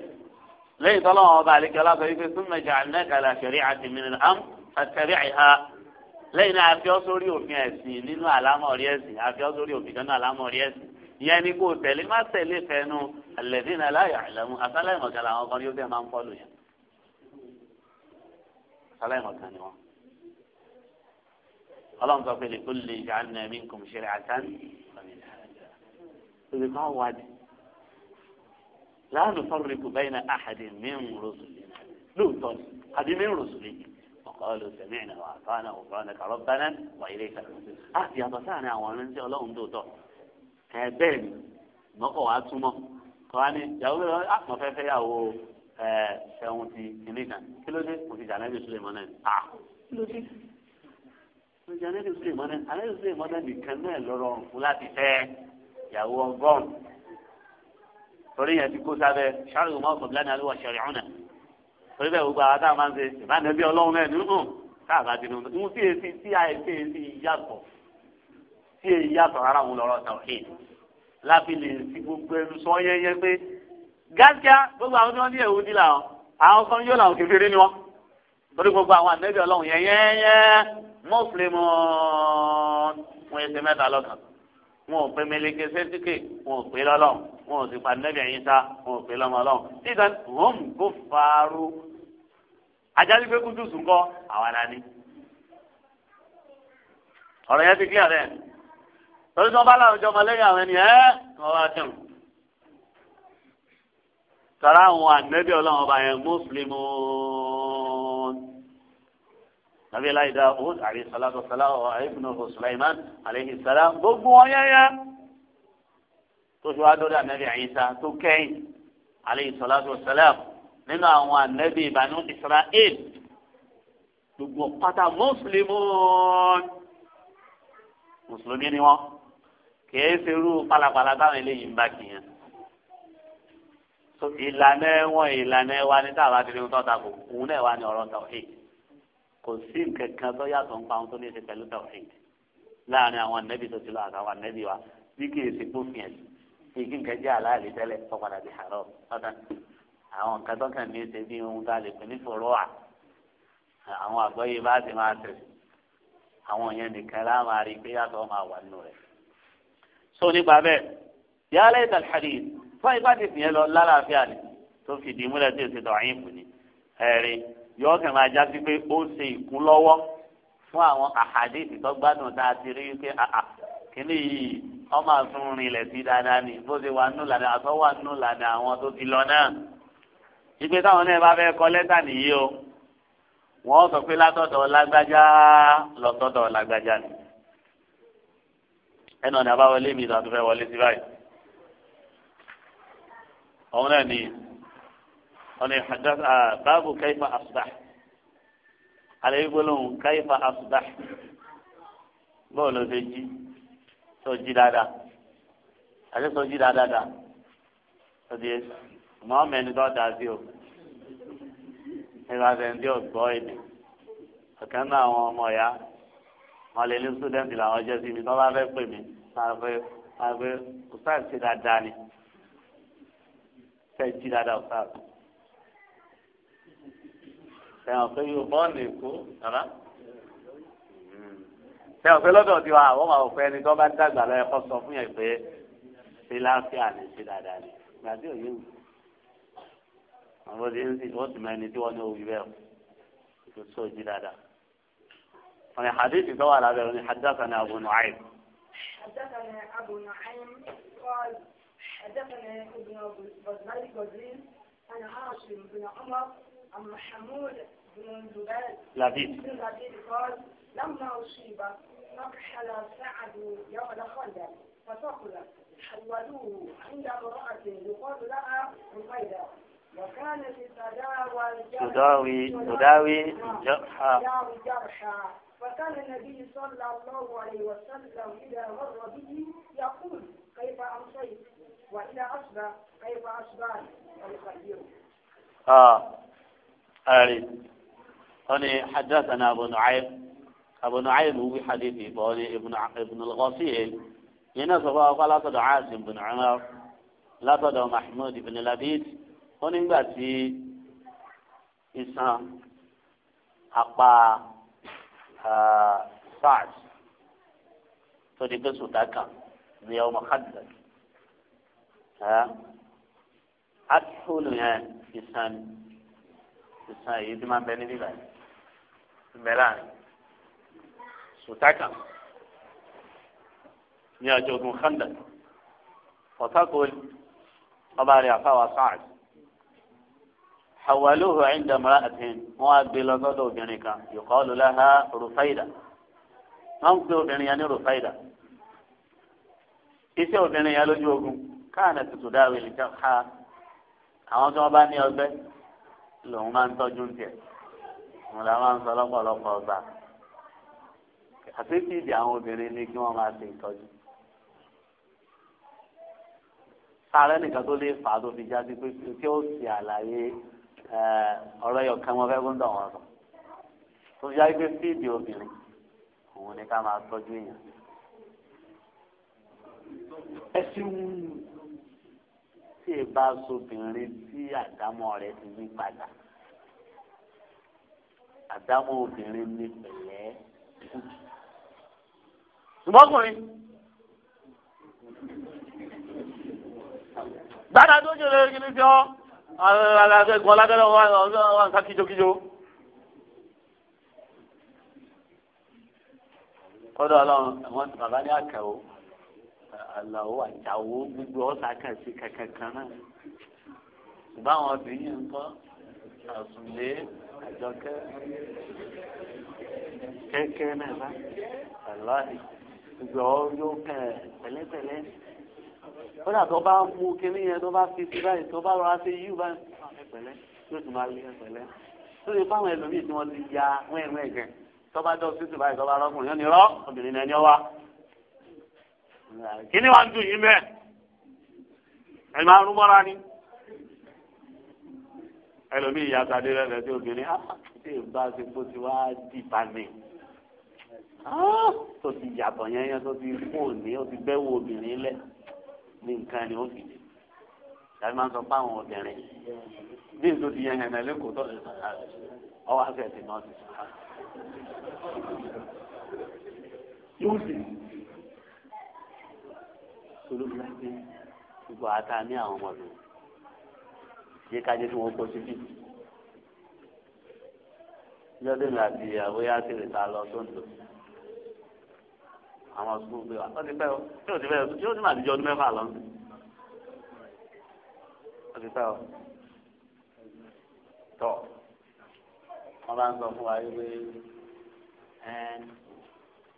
lẹ́yìn tó lọ́wọ́ ọba àlejò ọlọ́sọ yìí pé súnmọ́ ìjà àlẹ́kàlà ṣẹ̀rí àti mìíràn àm àtẹ̀rí àìhá lẹ́yìn náà àfi ọ́ òfin ẹ̀sìn nínú àlámọ̀rí ẹ̀sìn àfi ọ́ sórí òfin kanú àlámọ̀rí ẹ̀sìn ìyẹn ni kò tẹ̀lé má tẹ̀lé fẹnu àlẹ́dínà láyà àlẹ́mú asálẹ̀mọ̀kan làwọn kan yóò fẹ́ máa ń fọ́lù yẹn asálẹ̀mọ̀kan ni wọ́n. ọlọ́run sọ pé lè kó lè jà láàánú fọ́nrẹ́ kò báyìí na àhàdì mẹ́rin rọ̀sùlẹ̀ lóòótọ́ ni àbí mẹ́rin rọ̀sùlẹ̀ ọ̀kọ́lù sẹ̀mẹ́ẹ̀nà wà fáànà òfurufú kàrọ̀ bánà wà ilé ìkàlẹ̀ a ti yàtọ̀ sáàrin àwọn ọ̀rẹ́ntì ọlọ́run tòótọ́ ẹ bẹ́ẹ̀ ni mọ́kọ̀ wá túmọ̀ kọ́ wa ni yàwó bẹ́ẹ̀ àpọ̀ fẹ́fẹ́ yàwó ẹ ṣẹ́hun ti kìnìún kan kí ló dé mo ti jàǹdà bí torí yẹn ti kó sábẹ́ sáré ìmọ̀ ọ̀sán bíláni alẹ́ wà sẹ̀rẹ̀ ọ̀nà torí bẹ́ẹ̀ gbogbo àwọn táwọn máa ń ṣe ìbánu ẹbí ọlọ́run náà nínú káàbá ti nínú ìhun tí èsì tí àìsí èsì yàtọ̀ tí èyí yàtọ̀ rárá òun lọ́rọ̀ tàwíìn láfi lè fi gbogbo ẹnu sọ yẹnyẹn pé gáàsíà gbogbo àwọn tí wọ́n ní èwo nílà wọn àwọn kan yóò làwọn kékeré ni wọn torí gbogbo àwọn àtẹ́bí ọlọ́run yẹn mọ́ọ̀fù wọn ò pe mẹlẹkẹ sẹtíkè wọn ò pe lọlọ wọn ò sì pa nẹbẹ yín sá wọn ò pe lọmọ lọ nígbà wọn kò faaru ajálí pé kúndùn sùn kọ àwa la ní. ọ̀rọ̀ yẹn ti kílẹ̀ rẹ̀ torí sọ́n bá láwùjọ ọmọlẹ́yìn àwọn ẹni ẹ́ wọ́n wá dùn. tọ́lá àwọn ànẹ́bí ọlọ́run ọba yẹn mùsùlùmí nàbí láì dá ọhún àrí sàlátọ sàlátọ àìbùnú Sulaiman àlẹyìn sàlá gbogbo wọn yẹyẹ tó ṣe wá dọdọ ànábì àyíṣà tó kẹ́yìn àlẹyìn sàlátọ sàlám nínú àwọn ànábì ìbànú Israel gbogbo pátá mùsùlùmí mùsùlùmí ni wọn kìí ṣe irú pálapàla táwọn eléyìí ń bá kìyàn ìlànà wọn ìlànà wa ní táwa ti rí ohun kò òun náà wà ní ọ̀rọ̀ tàwọn èyí kò sí nǹkan kan tó yàtọ̀ ń pa ohun tó ní í ṣe pẹ̀lú tawhid láàrin àwọn ànábì tó ti lọ àtàwọn ànábì wa bí kì í ṣe gbófin ẹ̀sìn bí kì í nǹkan jẹ́ aláàlẹ́ tẹ́lẹ̀ tó padà di àárọ̀ lọ́tà àwọn nǹkan tó kàn ní í ṣe bí ohun tá a lè pè ní fòrọ́à àwọn àgbọ́yé bá ti máa tẹ̀ àwọn yẹn nìkan lá máa rí pé yàtọ̀ máa wà nínú rẹ̀. so nípa bẹ́ẹ̀ yálẹ̀ ìtàlhàdì fún ìbá ti lọ lálàáfíà ni tó fìdí múlẹ̀ tó ṣe yọ ọkàn máa já sí pé ó ṣe ìkúlọ́wọ́ fún àwọn àhàdìsì tó gbádùn tá a ti rí pé àà ah, ah, kíní yìí wọ́n máa rinlẹ̀ sí dáadáa ni bó ṣe wà nù lànà àtọ́ wà nù lànà àwọn tó ti lọ náà ìgbé táwọn náà bá fẹ́ kọ lẹ́tà nìyí o wọ́n sọ pé látọ̀dọ̀ lágbájá lọ́tọ̀dọ̀ lágbájá ni ẹnu ọ̀nà àbáwọlé mi ìdàtúfẹ́ wọlé sí báyìí ọ̀hún náà ni ọ̀nà ìhàdá báàbù káyífà àṣùbà àlẹ́ gbólóhùn káyífà àṣùbà bọ́ọ̀ ló ṣe jí tó jí dáadáa àti tó jí dáadáa dà ó di mọ́ mẹ́ni tó dáa sí o nígbà tẹ̀ ń dí ọ̀gbọ́ èdè ọ̀kan náà àwọn ọmọ ya wọn lè ní sùdẹ́ǹtì làwọn jẹ́ sí mi tó bá fẹ́ pè mí máa fẹ́ máa fẹ́ dáadáa ni fẹ́ jí dáadáa kùsáàsì sẹ́wọ̀n pé yóò bọ́ ní ikú rárá sẹ́wọ̀n pé lọ́dọ̀ tiwa àwọn máa wò pé ẹni tó bá dàgbà lọ ẹ̀kọ́ sọ fún yẹn pé ṣe láàfíà ní ṣe dáadáa ní gbàdí òye wù àwọn ọdẹ ń sìn wọ́n sì mọ ẹni tí wọ́n ní òwì bẹ́ẹ̀ tó sóòjì dáadáa wọ́n ní hadith tó wà lábẹ́ wọn ní haddathana Abu Nu'aym. حدثنا أبو نعيم قال حدثنا ابن بزيل عن عاصم بن عمر عن محمود بن جبير لذيذ بن لذيذ قال لما أصيب نكحل سعد يوم خندق فثقل حولوه عند امرأة يقال لها عبيدة وكانت تداوي تداوي تداوي جرحا تداوي جرحا فكان النبي صلى الله عليه وسلم إذا مر به يقول كيف أمسيت وإذا أصبح كيف أصبحت ويخيره آه آه قال حدثنا أبو نعيم أبو نعيم هو حديثي قال ابن ابن الغسيل هنا سواء قال تدعى عاصم بن عمر لا تدع محمود بن لبيد قال إن إنسان إسلام أقا سعد فدي سوتاكا يوم خندق ها أدخل يعني إسلام إسلام يدمان بين بلاد mẹ́lá sùtákà ní ọjọ́ ogun Khandaq pọ̀tàkùn ọba rẹ̀ àfáwà Sa'ad hawaluhu inda imra'atin wọn á gbé lọ́sọ́dọ̀ obìnrin kan yuqalu laha Rufaida wọn ń pè obìnrin yẹn ní Rufaida iṣẹ́ obìnrin yẹn lójú ogun káàna tutù dáwìlì ká àwọn tí wọ́n bá ní ọgbẹ́ lòun máa ń tọ́jú ń tiẹ̀ wọn la máa ń sọ lọ́pọ̀lọpọ̀ ọgbà àti fídì àwọn obìnrin ni kí wọ́n máa ṣe ìtọ́jú. sáré nìkan tó lè fà á tó fi jáde pé tí ó sì àlàyé ọ̀rọ̀ yọ̀ kan wọn fẹ́ kó ń dàn wọn sọ. tó fi jáde pé fídì obìnrin òun ni ká máa tọ́jú èèyàn. ẹ ṣeun tí ẹ bá sobìnrin tí àdámọ́ rẹ̀ ti yí padà àdámọ́ obìnrin ní pẹ̀lẹ́ ṣùgbọ́kùnrin gbàdá tó jẹ lórí kí ni fi ọ alágbègbè ọlágbègbè wà nǹkan kíjokíjo. kọ́dọ̀ ọlọ́run ẹ̀wọ̀n bàbá ní àkàwọ́ àlàó àjàwó gbogbo ọ̀sà kan sí kankan kan náà ṣùgbọ́n àwọn yìí ń kọ́ àsùnlé àjọkẹ́ kẹ́kẹ́ náà bá aláì ìgbà yóò kẹ́ pẹ̀lẹ́pẹ̀lẹ́ ó dà tó bá mú kinní yẹn tó bá fi sí báyìí tó bá rọra sí yíu báyìí pẹ̀lẹ́ yóò tún máa lé pẹ̀lẹ́ tó lè fáwọn ẹlòmíì tí wọ́n ti ya wẹ́ẹ̀wẹ́ẹ̀ gẹ̀ tó bá dọ̀ títù báyìí tó bá rọ́kùnrin yóò ní rọ́ obìnrin náà ni ọ wá kinní wa ń dùn yín bẹ́ẹ̀ ẹ̀ máa rú mọ́ra ni ẹlòmíì ìyàtọ̀ adérẹ́lẹ̀ tí obìnrin á ah, ṣe bá ṣe kó ti wá dìbà mi ah, tó ti yàtọ̀ yẹn tó ti kó ní ó ti bẹ́wò obìnrin lẹ̀ ní nǹkan ni ó fi dé tàbí máa ń sọ fáwọn obìnrin bí èso ti yẹn hẹ̀nẹ̀ lẹ́kọ̀ọ́ tó lè sàrà rẹ̀ ọwọ́ àfẹ́ ti náà ti sàrà yóò sì olùkọ́ gbogbo àtà ní àwọn ọmọbìnrin yé ká jẹ́ kí wọ́n kó síbí. yọ́dún mi àti ìyàwó yá sí ìta lọ sóńdò àwọn sukùl gbé wa ó ti pẹ́ o yóò ti pẹ́ o yóò ti máa di ọdún mẹ́fà lọ. ó ti pẹ́ o tọ́ wọ́n bá ń sọ fún wa wípé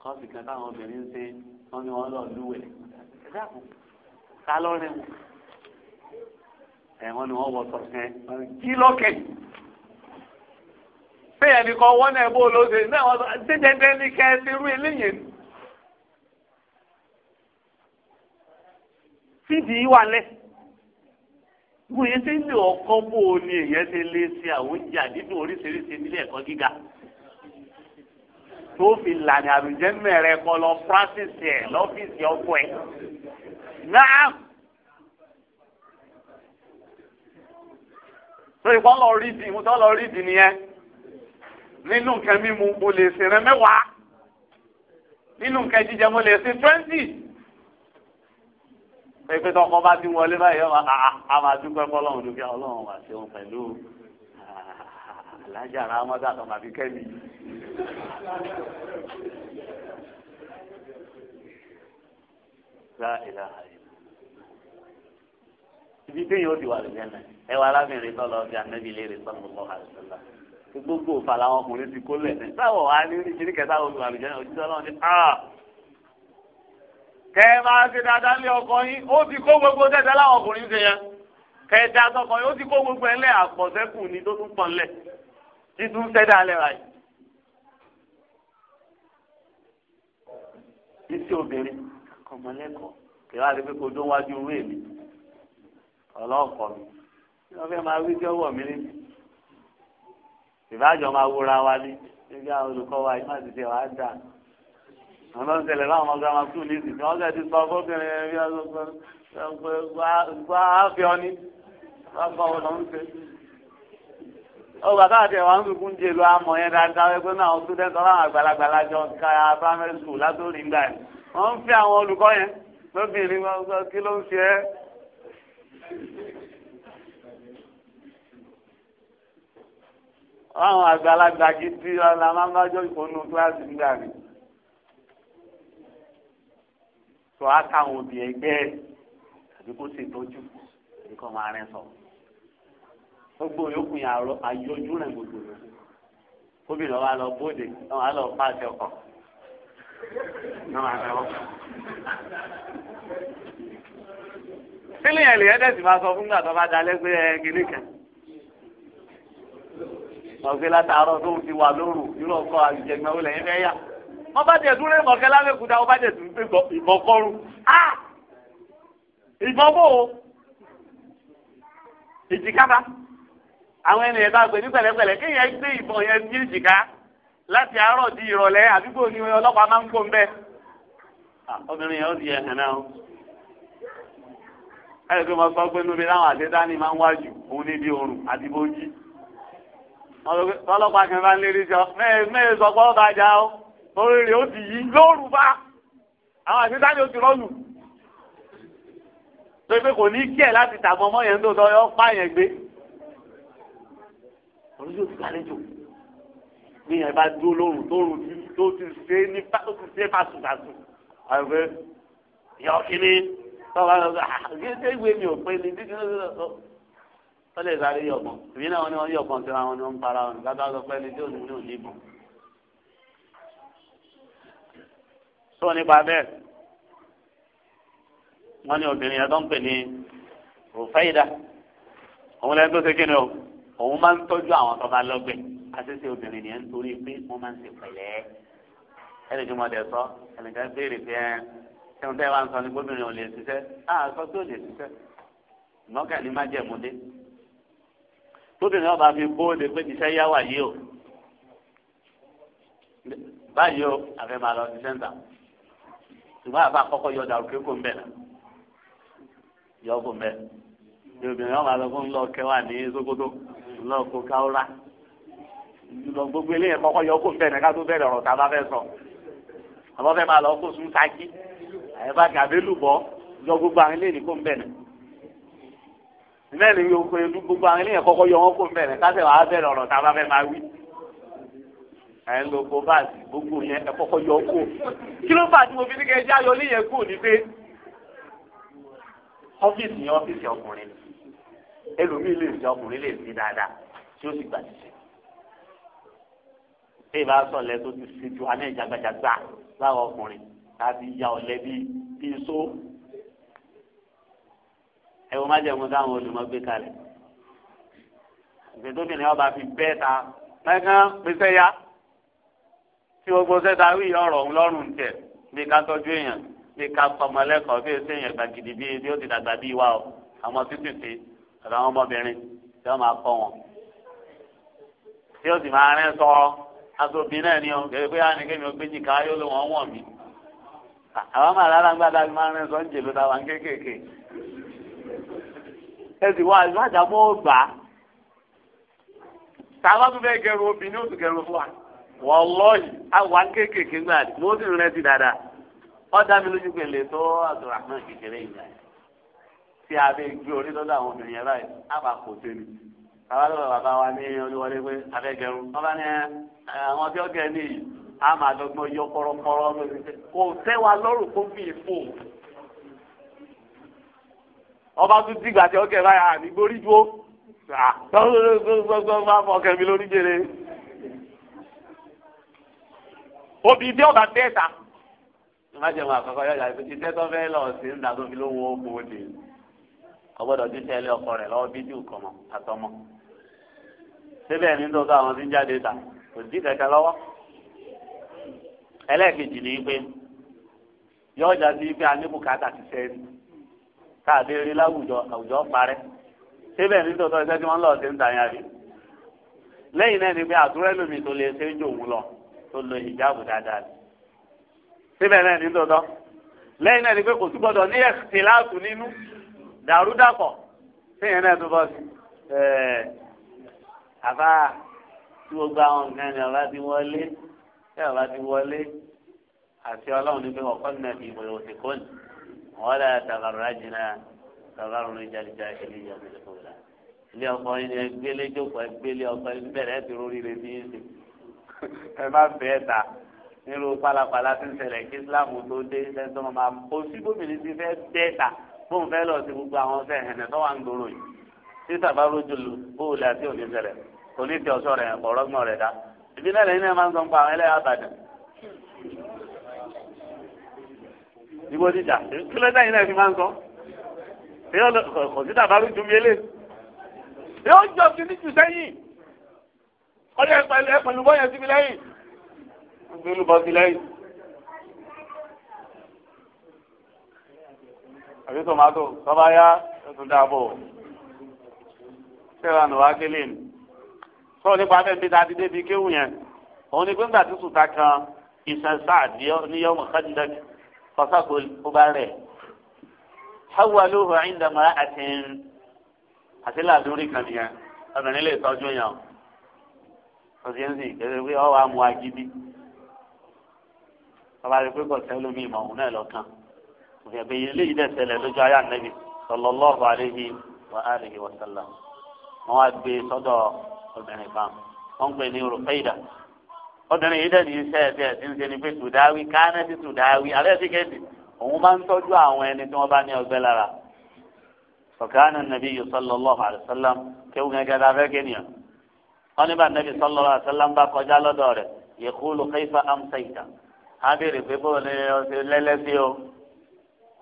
kọ́ọ̀sì kan táwọn obìnrin ń ṣe wọ́n ní wọ́n lọ lúwẹ̀ẹ́ ẹ̀dá kù ká lọ́rin mu ẹ̀wọ̀n ni wọ́n wọ sọ̀tẹ́ jí lọ́kẹ̀. bẹ́ẹ̀ ni kan wọ́n náà bó ló ṣe náà wọ́n sọ dídẹ́dẹ́ ní kẹ́ ẹ ti rú eléyìí. fídì yìí wà lẹ̀. mo yẹ ti ń lè ọkọ bó o ní èyẹ ti lé sí àwọn oúnjẹ àdídùn oríṣiríṣi nílé ẹ̀kọ́ gíga. tó fi lànà àrùjẹ́ mẹ́rẹ̀ kọ lọ practice ẹ̀ lọ́fíìsì ọkọ ẹ̀. náà. lórí kọ́ lọ rí di mo tọ́ lọ rí di nìyẹn nínú nǹkan mímu mo lè sìn rẹ mẹ́wàá nínú nǹkan jíjẹ mo lè sìn twenty pẹ̀pẹ́ tó bá ti wọlé báyìí ọmọ a máa dúpẹ́ fọlọ́run dúkìá ọlọ́run wà sí òun pẹ̀lú alájàrá mọ́tà tó máa fi kẹ́mi. La ilaha ibi téèyàn ó ti wà lẹ́yìn náà ẹ wà arábìnrin tó lọ bí anábì léèrè sọ́nù lọ́ àlùfẹ́lá gbogbo òfà làwọn ọkùnrin ti kó lẹ̀ náà sáwọ̀ wá ní oríṣiríṣi kẹta olùwà lùjẹ́ náà òjíṣẹ́ náà ni a. kẹ ẹ máa ṣe dáadáa lé ọkọ yín ó ti kó gbogbo tẹ̀tẹ̀ láwọn ọkùnrin ṣe yẹn kẹ ẹ da sọkọ yín ó ti kó gbogbo ẹ lẹ̀ àpọ̀sẹ́kù ni tó tún pọ̀n lẹ̀ títún sẹ́dá lẹ̀ báyìí. iṣẹ́ obìnrin kọ̀mọ́lẹ́kọ̀ọ́ kẹwàá rí pé kò dún wájú orí èmi ọlọ́ọ̀kọ́ mi kí wọ́n fẹ́ máa wí tí ọwọ́ mi níbi ìbájọ́ máa wúra wa ní nígbà olùkọ́ wa yìí má ti tẹ̀ wá dà wọn lọ ń tẹ̀lé láwọn ọmọ gírámà tún ní ìsìn tí wọ́n kẹ́ ti sọ fọ́bìnrin ẹ̀rí ọgbọ́n gbọ́ àáfẹ́ ọ ní wọ́n bá wọn lọ ń tẹ̀. ó bàtà àti ẹ̀wà ń sunkún jẹ lu amọ̀ yẹn dáadáa ẹgbẹ́ náà àwọn student ọlọ́run àgbàlagbà lájọ kára primary school látòrí ńgbà yẹn wọ́n ń fẹ́ àwọn olùkọ́ yẹn lóbìnrin kí ló ń ṣe é àwọn àgbàlagbà gidi ọ̀la máa ń bájọ́ ìfọ̀nù kíláàsì nígbà mi. sọ àtàwọn òbí ẹgbẹ́ àbí kó ṣètọ́jú àbí kó máa rẹ́ sọ. gbogbo yòókù yẹn àyọjú rẹ̀ gbogbo rẹ̀. obìnrin wa lọ bóde wọn á lọ pàṣẹ ọkọ̀ náà máa náwó. kílì yẹn lèyẹn tẹ̀sí máa sọ fún gbà tó bá dalẹ́ pé ẹ eh, kiri kan. ọ̀gbẹ́ látàárọ̀ tó ti wà lóru irú ọkọ̀ àjẹgbẹ́ ọba lẹ́yìn fẹ́ yà. wọ́n bá tẹ̀ dúró ìmọ̀kẹ́ lábẹ́kúta wọ́n bá tẹ̀ tún pé ìbọn kọ́rù. ìbọn bò ó àwọn ènìyàn bá gbé ní pẹ̀lẹ́pẹ̀lẹ́ kéèyàn gbé ìbọn yẹn ní ìjìká láti àárọ̀ di ìrọ̀lẹ́ àdúgbò ni ọlọ́pàá máa ń kó ń bẹ́ẹ̀. ayọ̀ pé mo sọ pé níbi láwọn àṣetánì máa ń wájú òun níbi oòrùn àti bójú. ọlọ́pàá kan bá lérí sọ mẹ́ẹ̀ẹ́ sọ pé ọba àjà ó orí rẹ̀ ó ti yí lóòrù bá àwọn àṣetánì ó ti rọ́ọ̀lù. tó pé kò ní kí ẹ̀ láti tàbọ̀ ọmọ yẹn tó sọ yọ pààyàn gbé. orí yóò ti gbàlejò bí yẹn bá dúró lóòrùn tóòrùn tó ti ṣe é ní tó ti ṣe é fàṣùfàṣù. àyọ̀ tọ́ba lọ sọ àgẹ́gẹ́ ah, ah, ìwé mi ò pé ní títí ó lè sáré yọ̀gbọ̀n èmi náà wọ́n ní wọ́n yọ̀gbọ̀n síra wọn ni wọ́n ń para wọn nígbà tó sọ pé ní tí òní ní òní ìbọn. tó nípa bẹ́ẹ̀ wọ́n ní obìnrin yẹn tó ń pè ní rufeida òun lẹ́nu tó ṣe kí ni o òun máa ń tọ́jú àwọn tó bá lọ́gbẹ̀ àṣìṣe obìnrin yẹn nítorí pé wọ́n máa ń ṣe pẹ̀lẹ́ ẹnì ẹ̀wọ̀n tẹ́ ẹ ń sọ ní gómìnà ò lè ṣiṣẹ́ àá sọ pé ò lè ṣiṣẹ́ ìmọ̀kà ni má jẹ̀mú dé gómìnà ọba fi bóde pé iṣẹ́ yá wà yìí o báyìí o àfẹ́ máa lọ sí sẹ́ńtà ṣùgbọ́n àfa kọ́kọ́ yọ dàrú kéko ń bẹ̀ yọ kó ń bẹ̀ obìnrin ọba lọ fún lọ kẹwà ní Sókótó lọ kó káwúrà lọ gbogbo eléyẹn kọ́kọ́ yọ kó ń bẹ̀ ká tó bẹ̀rẹ̀ ọ̀rọ̀ tá a bá fẹ́ sọ àbọ̀ máa lọ kó sùn sákì àyẹ̀bá gàdé lùbọ́ yọ gbogbo àwọn eléyìí kó ń bẹ̀rẹ̀ bẹ́ẹ̀ ni yóò pe gbogbo àwọn eléyìí kọ́kọ́ yọ wọn kó ń bẹ̀rẹ̀ kásẹ̀ wàá bẹ̀rẹ̀ ọ̀rọ̀ tá a bá fẹ́ máa wí. ẹ̀ ń lo gobasi gbogbo yẹn ẹ kọ́kọ́ yọ kó kí ló fà tí mo fi ní kẹjá yọ níyẹn kó ní pé ọ́fíìsì yẹn ọ́fíìsì ọkùnrin ẹlòmíì lè ṣe ọkùnrin lè ṣe dáadáa tí ó sì gbà ṣiṣẹ́ bí ìbá sọ̀lẹ̀ tó ti ṣe ju alẹ́ ìjàgbàjàgbà láwọn ọkùnrin tàbí ya ọ̀lẹ́bí bíi só ẹ̀wọ̀n má jẹ̀mú táwọn olùmọ̀gbé kalẹ̀ ìgbẹ́dọ́bìnrin ọba fi bẹ́ẹ̀ ta kankan pèsè ya tí gbogbo sẹ́ta wí ọ̀rọ̀ òun lọ́rùn tiẹ̀ bí ká tọ́jú èèyàn bí ká pọmọlẹ́kọ̀ọ́ bí èsì èèyàn gbàgìdì bí ebi ó ti dàgbà bí wa o àwọn títì sí ọ̀dọ̀ àwọn ọmọbìnrin tí wọ́n máa kọ́ wọn tí ó sì máa rẹ́ sọ asobin náà ni o kẹ́kẹ́ pé àníkémi ah, ó gbé jìkà ayọ́ ló wọ́n wọ̀n mí àwọn máa rárá gbádá ni máa ń rìn sọ́njì ló dáwà kéékèèké ẹ sì wá ìmájà mọ́ ó gbà á tàbá tún fẹ́ gẹrun obìnrin ó tún gẹrun fún wa wọ́lọ́ọ̀yì àwọn kéékèèké gbà ní mo sì rìn sí dáadáa wọ́n dá mi lójú pé lè tó Abdulrahman kékeré ìgbà tí a bẹ gbé orí lọ́dọ̀ àwọn obìnrin yẹn báyìí á bá kó sẹ́ni bàbá lọ́wọ́ bàbá wa ní olúwọlé pé abẹ́gẹrun wọ́n bá ní àwọn tí ó gẹ níyì. a máa dọ́gbọ́n yọ kọ́rọ́kọ́rọ́ kò tẹ́ wa lọ́rùn kó fi ìfò. ọba tún dìgbà tí báyà gbórí dúró mi lórí jèrè. obì ọba tẹ́ta ìmájẹ̀mú àkọ́kọ́ yọjà ìfẹ́ tó fẹ́ lọ sí ńdà tó lówó owó ni ọgbọ́dọ̀ jíṣẹ́ ilé ọkọ rẹ̀ lọ́wọ́ bíjú kọ̀mọ́ àtọmọ́ síbẹ̀ nínú àwọn tí ń jáde ta kò ẹlẹ́ẹ̀kejì ni pé yọ̀ọ́ jà sí pé anébùkátà ti sẹ́ẹ̀rì káàdé rí láwùjọ àwùjọ parẹ́ síbẹ̀ ní tòótọ́ iṣẹ́ tí wọ́n lọ sí ń tàyà rí lẹ́yìn náà ni pé àtúrẹ́ lómi tó lè ṣe ń jò wù lọ tó lo ìjáàbù dáadáa rí síbẹ̀ náà ní tòótọ́ lẹ́yìn náà ni pé kò sí gbọ́dọ̀ ní ẹ̀sìn nínú dàrúdàpọ̀ síyẹn náà tó bọ́ sí àbá tí gbogbo àwọn nǹkan ni ọ̀rá ti wọlé tẹ́ ọ̀la ti wọlé àti ọlọ́run ní pé ọ̀kọ́ náà fi ìbò ìwòsàn kò ní wọ́n dà tàgàrọ̀ àjìnà tàgàrọ̀ ní jàdìjà ìlú ìyàwó ìlú ilé ọkọ yín ẹ gbélé jókòó ẹ gbélé ọkọ yín bẹ̀rẹ̀ ẹ ti rórí rẹ ní ìsìn ẹ má bẹ́ẹ̀ ta nínú pálapàla tí ń ṣẹlẹ̀ kí islam tó dé lẹ́sọ̀ máa kó sí gómìnà ti fẹ́ bẹ́ẹ̀ ta bóun fẹ́ lọ sí gbogbo àwọn ọ̀sẹ̀ ẹ̀hẹ̀nẹ̀ tó wà ń gbòòrò yìí tí sàbá rojú lu bóòlù àti òní ṣẹlẹ̀ òní ọ̀ṣọ́ rẹ̀ ọ̀rọ̀gbọ̀n rẹ̀ dá ìbílẹ̀ lẹ́yìn náà máa ń sọ nípa àwọn ẹlẹ́yà àbàdàn. ìbò jíjà kí ló dẹ́yìn náà fi máa ń sọ. kò sí tàbá rújú mi elé. yóò jọ sí ní jù sẹ́yìn. ọdẹ ẹ pẹ̀lú bọ́yẹn síbi lẹ́yìn. gbé olúbọ sí lẹ́yìn. àbí tòmátò tọ́ba yá tó dáa bò. sẹ́wà nù sọ nípa bẹ́ẹ̀ bí ta ti débi kéwù yẹn òun ni gbẹ́ngbà tó sùn ta kan ìsẹ̀nsá níyọ́ mọ̀kàndínlẹ́kì fọ́sàkó ó bá rẹ̀ hawa ló hàn ẹ̀ ń dàmọ́ àti àti làdúrí kan nìyẹn obìnrin lè tọ́jú yẹn o sì ń sìn kẹsẹ̀ pé ọwọ́ amú agídí bàbá rẹ̀ pé kọ̀ọ̀sẹ́ lómi ìmọ̀ òun náà lọ́kàn òfin ẹ̀gbẹ́ lè yí dẹ̀ ṣẹlẹ̀ lójú ayé ànẹ́bí sallallahu alaihi wa alihi wa sallam wọn wá gbé sọ́dọ̀ obìnrin kan wọn ń pè ní rufeida obìnrin yìí dẹ̀ ní iṣẹ́ ẹ̀sẹ̀ ẹ̀sẹ̀ ń ṣe ni pé tùdáwí kánẹ́tì tùdáwí alẹ́ ti kéde òun máa ń tọ́jú àwọn ẹni tí wọ́n bá ní ọgbẹ́ lára فكان النبي صلى الله عليه وسلم كيو نجد فكنيا أنا بعد النبي صلى الله عليه وسلم بقى قجال داره يقول كيف أمسيت هذه رفيبو للسيو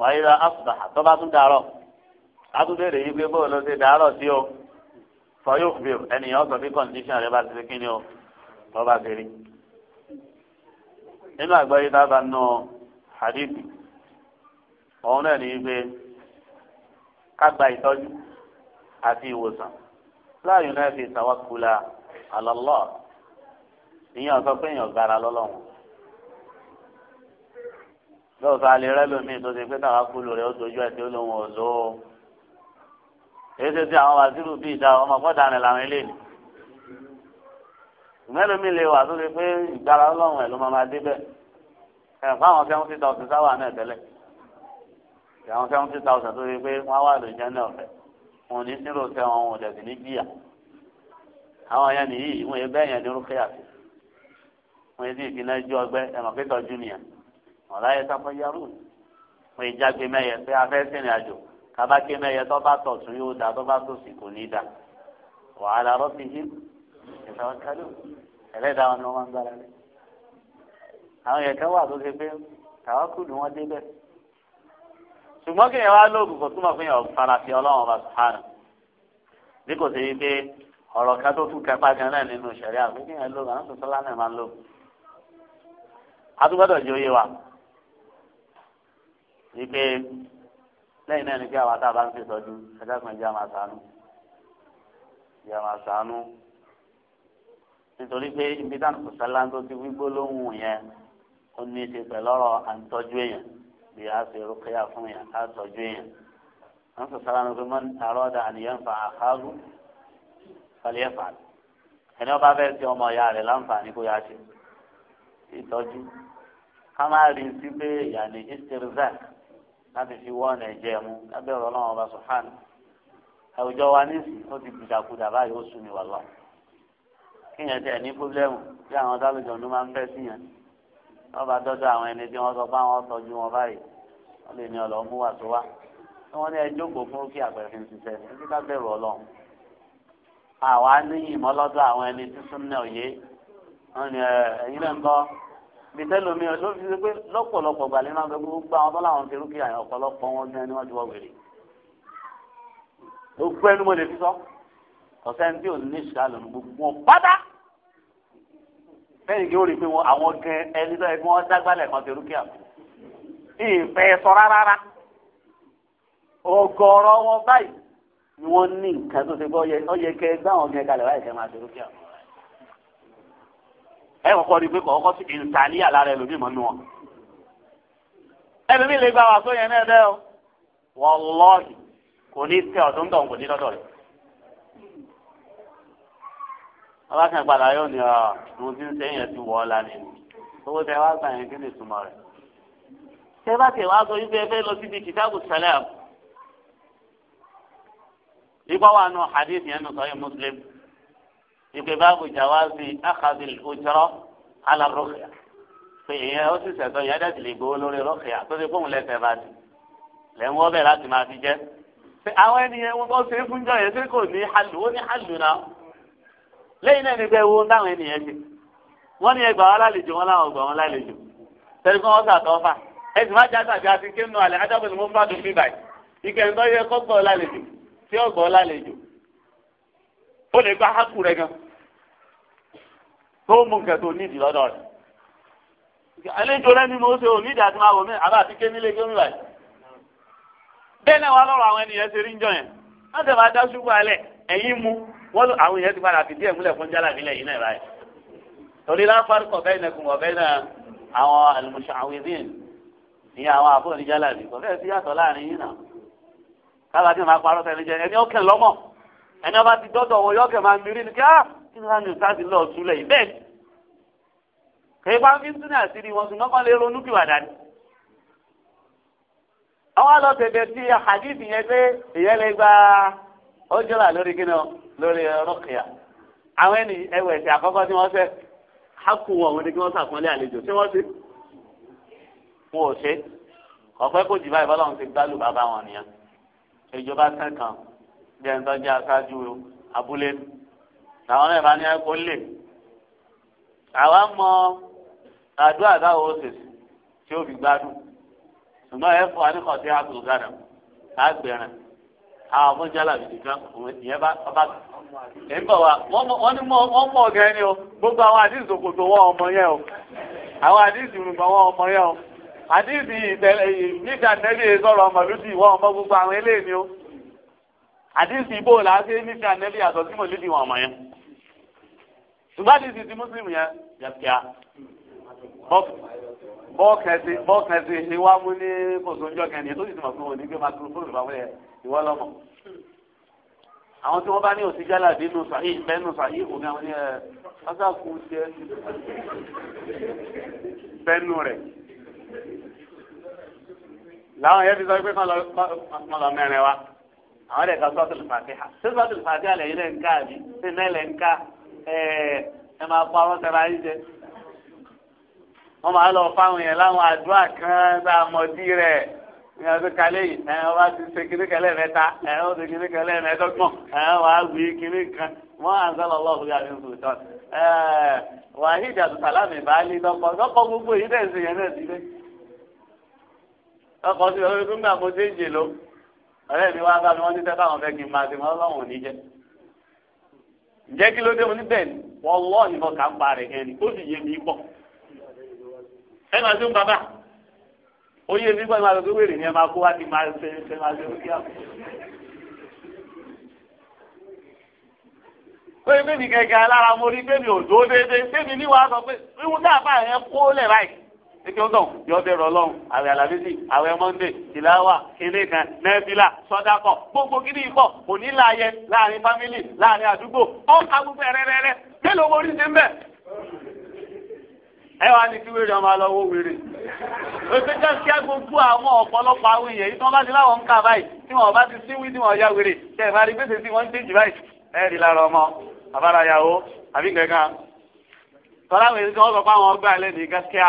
وإذا أصبح طبعا دارو أبو بيري يبيبو لسي دارو سيو fọyọ́ fi ẹnìyàn sọ bí kọ́ndíṣàn rẹ bá ti fi kíni o lọ́ bá ti rí. nínú àgbáyé dábàá nù hadithi òun náà ní pé ká gba ìtọ́jú àti ìwòsàn láàyò náà fi tawakkula ala Allah ìyẹn sọ pé èèyàn gara lọ́lọ́run lọ́sọ̀ alẹ́ rẹ lómi tó ti pé tawakkulu rẹ ó dojú ẹ̀ tí ó lóun ò lò ó èyí ti àwọn wàzírù bíi ìdá ọmọ kọ́ta rẹ̀ làwọn eléyìí mẹ́lòmí lè wà tó pé ìgbára ọlọ́run ẹ̀ ló máa dé bẹ́ẹ̀ ẹ̀ fún àwọn seventy sáwà náà tẹ́lẹ̀ àwọn seventy thousand tó lè pé wọ́n wà lóyún jẹ́ ọ̀fẹ́ wọn ò ní sírò sẹ́wọ̀n wọn ò dẹ̀ sí ní bíyà àwọn yẹn nìyí ìwọ̀n yẹn yẹn ní orúkẹ́ àti wọn yẹn sì fi ọgbẹ́ ẹ̀mọ̀ pé tọ́jú nìyẹn wọn sáfọ́ yàrá wọn yẹn jágbe mẹ́yẹ pé afẹ́ sìnrìn àjò tabaki mẹyẹ tó bá tọ̀ tún yóò da tó bá tó sì kò ní da wàhálà rọ́bì yìí ìtàwọn kálí ẹlẹ́dàá wọn ni wọ́n máa ń gbára lé àwọn yẹn kan wà tó ṣe pé tàwọn kù ni wọ́n débẹ̀ ṣùgbọ́n kí yẹn wá lóògùn kò túmọ̀ fún yẹn ọ̀farafin ọlọ́run ọba sùhánù bí kò ṣe wípé ọ̀rọ̀ kan tó tún kápá gan náà nínú ìṣẹ̀lẹ̀ àgbẹ̀ kí yẹn lóògùn àwọn sọ́lá náà máa ń lóògùn a tún gbọ́dọ̀ jẹ́ òye wa wípé lẹ́yìn náà ni pé àwa tá a bá ń ṣètọ́jú ẹjọ́ kan jẹ́ àmà sànú jẹ́ àmà sànú nítorí pé ibi táwọn kò sálá tó ti wí gbólóhùn yẹn ó ní í ṣe pẹ̀lú ọ̀rọ̀ à ń tọ́jú èèyàn bí a ṣe rúkẹ́yà fún yẹn á tọ́jú èèyàn wọ́n sọ sálá ní pé àrọ́dà àníyàn fa àkárú fàlẹ́ fà ẹni ọba fẹ́ ti ọmọ ìyá rẹ̀ láǹfààní kó yá ṣe ìtọ́jú ká má rí sí pé yàní istirzaak láti fi wọ́ ọ̀nà ẹ̀jẹ̀ mu lábẹ́ ọ̀rọ̀ ọlọ́run ọba sọ̀hánù àwùjọ wa nísìnyí ó ti gbìdàkudà báyìí ó sùn ní wàlá kíyàn tẹ̀ ní pọ́blẹ́mù bí àwọn dálójọ ló máa ń fẹ́ sí yẹn wọ́n bá dọ́dọ̀ àwọn ẹni tí wọ́n sọ bá wọn tọ́jú wọn báyìí wọ́n lè ní ọlọ́mú wà tó wá wọ́n ní ẹjọ́ kò fún kí àpẹẹrẹ ṣiṣẹ́ ní ká bẹ̀rù ọlọ́run àwa ní ìmọ̀lọ́dọ̀ àwọn ẹni tí súnmọ́ òye wọ́n ní ẹ̀yin náà ń bìtẹ́lómi ọdún fi pé lọ́pọ̀lọpọ̀ gbàlẹ́ máa ń bẹ gbogbo àwọn tó láwọn fẹ́rù kí àyàn ọ̀pọ̀lọpọ̀ wọn gan ni wọ́n ti wọ́ wèrè. gbogbo ẹnu mo lè fi sọ ọ̀sẹ̀ ní tí òun ní ìṣúra lòun gbogbo wọn pátá. bẹ́ẹ̀ ni kí ó rí i pé àwọn gan ẹni tó yẹ kí wọ́n dágbálẹ̀ kan fẹ́rù kí àwọn. ìfẹ́ sọ rárá ọ̀gọ̀rọ̀ wọn báyìí ni wọ́n ní nǹkan tó ṣe gbọ́ ọ yẹ kẹ́ gbá àwọn gan kalẹ̀ báyìí kẹ́ máa ẹ kọ́kọ́ rí pé kọ́kọ́ sí ìtàlí àlára ẹlòmíì mọ́nú wọn. ẹlòmíì lè gba wà tó yẹn náà dẹ́ o wọ́lọ́ọ̀dì kò ní tẹ ọ̀dún dọ̀ kò ní lọ́dọ̀ rẹ̀. ọlọ́sìn padà yóò ní ọ mo ti ń sẹ́yìn ẹ̀ ti wọ̀ ọ́ lánàá ni owó tẹ wá gbà yẹn kí ni ìtumọ̀ rẹ̀. tẹ bá tẹ wá sọ yín pé ẹ fẹ́ lọ síbi kìtàbù sálàm. ìgbọ́ wa nù hadith yẹn nù sọ ìpè báàbù jàwáàbì àkàbìl òjọrọ alárọkìá pé èèyàn ó sì sẹ̀tọ́ ìyá dẹ́sì lè gbowó lórí rọkìá tó ti fóun lẹ́sẹ̀ bá ti lẹ́ ń wọ́ bẹ̀ láti máa fi jẹ́ àwọn ènìyàn wọn bọ́ ṣe é fúnjọ yẹn tí kò ní halù ó ní halù náà lẹ́yìn náà ni pé wo táwọn ènìyàn ṣe wọ́n ní ẹgbàá wọn lálejò wọn láwọn ọgbà wọn lálejò tẹ̀lé wọn sàtọ́ fà ẹsì má já tàbí àti kí alẹ́ adábọ̀ ni mo fà tó mú nǹkan tó nídìí lọ́dọ̀ rẹ̀. àlejò rẹ ni mo ṣe ò nídìí àti máa wò mí àbá àti kénílé kí ó ń rà yìí. bẹ́ẹ̀ náà wà lọ́rọ̀ àwọn ènìyàn ṣe rí ń jọ yẹn wọ́n sì máa dá ṣubú alẹ̀ ẹ̀yìn mu wọ́n lọ àwọn èèyàn ti padà fìdí ẹ̀ múlẹ̀ fún jálà nílẹ̀ yìí náà báyìí. torí láfárí kọ̀fẹ́ ìnẹkùn kọ̀fẹ́ ẹni ọkẹ́ lọ́mọ ẹni ọba ti dọ́dọ̀ wọ yọkẹ́ máa ń mirí ni kí á kí ló wá ní yìí bẹ́ẹ̀ ni bá ń fi súnà àṣírí wọn sùn mọ́kànlé ronú kìwàdà ni. àwọn àlọ́ tẹ̀lé tí hadith yẹn pé ìyẹn lè gba ọjọ́ là lórí kí náà lórí rọ́kìá àwọn ẹni ẹwẹ̀ ẹ̀sẹ̀ àkọ́kọ́ tí wọ́n fẹ́ hákù wọn òun ni kí wọ́n sàkúnlé àlejò tí wọ́n ti wọn ò ṣe ọ̀pẹ́ kò jì báyìí bọ́lọ́run ti gbálù bàbá wọn nìyẹn ìjọba sẹ́kàn jẹ́ ń tọ́jú aṣáájú abúlé nù làwọn náà bá ní ẹkọ lè àwa mọ àdúrà táwọn ó sèse tí ó fi gbádùn ṣùgbọ́n ẹ fún wa ní kọ̀ọ̀tì àtúntò gánà àgbẹ̀rẹ̀ àwọn afọ́njálà nìkan ìyẹn bá ọba ẹ̀ ń bọ̀ wá wọ́n ní wọ́n mọ̀ ọ̀gá ẹni o gbogbo àwọn àdìsí òkòtò wọn ọmọ yẹn o àwọn àdìsí òrùngbọ̀n wọn ọmọ yẹn o àdìsí ìtẹ̀lẹ̀ níta nẹ́bí sọ̀rọ̀ ọmọ lùdì wọn ọmọ gbogbo àwọn eléyìí o àdìsí ibò làásì níta nẹ́bí àtọ̀ sí mọ̀lùdì wọn ọmọ yẹn ṣùgbọ́n ní ti ti mùsùlùmí yẹn yàtìá bọ́ọ̀kẹ́sì bọ́ọ̀kẹ́sì ìwà mú ní kòsóńjọ́ kẹ́ni tó sì ti mọ̀ pé òní gbé makurofóònù bá wọlé ìwọ lọ́mọ. àwọn tí wọ́n bá ní òsì jálà bí nù sàyí bẹ́ẹ̀ nù sàyí òní àwọn ní ẹ̀ eh, pásákù tiẹ̀ bẹ́ẹ̀nù rẹ̀. làwọn yẹn ti sọ pé kán lọ mẹ́rin wa àwọn ẹ̀ka sọ́tùlù fàtíhà sọ́tùlù fàtíhà lẹ́yìn lẹ́ńkà àbí ẹ máa pa ọ̀rọ̀ tẹ̀ra yín jẹ. wọ́n máa lọ fáwọn yẹn láwọn àdúrà kan tá a mọ̀ dí rẹ̀ ní ọdún kalẹ̀ yìí ẹ̀ wá ti ṣe kíní kẹlẹ́ mẹ́ta ẹ̀ ó ti kíní kẹlẹ́ mẹ́tọ́gbọ̀n ẹ̀ wá wí kíní kan wọ́n á ń sọ lọ́wọ́ fún yàrá ìfún ìtọ́ ẹ̀ wàhíì dàtú sàlámì báálí lọ́kọ̀ lọ́kọ̀ gbogbo yìí dẹ̀ ṣe yẹn náà sílẹ̀ lọ́kọ̀ sí ọ̀rẹ́ gbígbà mo ṣe ń jè lọ ọ̀rẹ́ mi wá bá mi wọ́n ti tẹ́ báwọn fẹ́ kí ǹjẹ́ kí ló dé mo ní ni wọ́n lọ́ ìbọn kà ń pa rẹ̀ ẹni ó sì yé mi pọ̀ ẹ máa dún bàbá ó yé mi pọ̀ máa lọ pé wèrè ni ẹ máa kó wá ti máa ṣe ṣe máa ṣe ókè àpò. pé bẹ́ẹ̀ gẹ́gẹ́ alára mo rí bẹ́ẹ̀ ni òdó déédéé bẹ́ẹ̀ ni níwàá sọ pé wíwú tá bá yẹn kó lẹ̀ báyìí ike ó tàn yọ bẹ̀rù ọlọ́run àwẹ̀ alamisi àwẹ̀ mọ́ndé tìláwà kínní kan nẹ́ẹ̀fìlà sọ́dákọ̀ gbogbo kínní ikọ̀ kò ní láàyè láàrin fámìlì láàrin àdúgbò ọ̀ka gbogbo ẹ̀rẹ́rẹ́rẹ́ mélòó wo ní ti ń bẹ̀. ẹ wá ní kí wèrè ọmọ alọ́wọ́ wèrè ètò ìjọ sí agbogbo àwọn ọ̀pọ̀lọpọ̀ àwọn èèyàn yìí tí wọ́n bá ti láwọn ń kà báyìí tí wọ́n bá ti síwí tí wọ́n ya wèrè tẹ̀ ẹ̀ máa rí gbèsè tí wọ́n ń tẹ̀jì báyìí ẹ̀ rí lára ọmọ àbárayàwó àbí nǹkan kan tọ́lá wèrè tí wọ́n sọ pé àwọn ọgbà ẹlẹ́ni gáskíá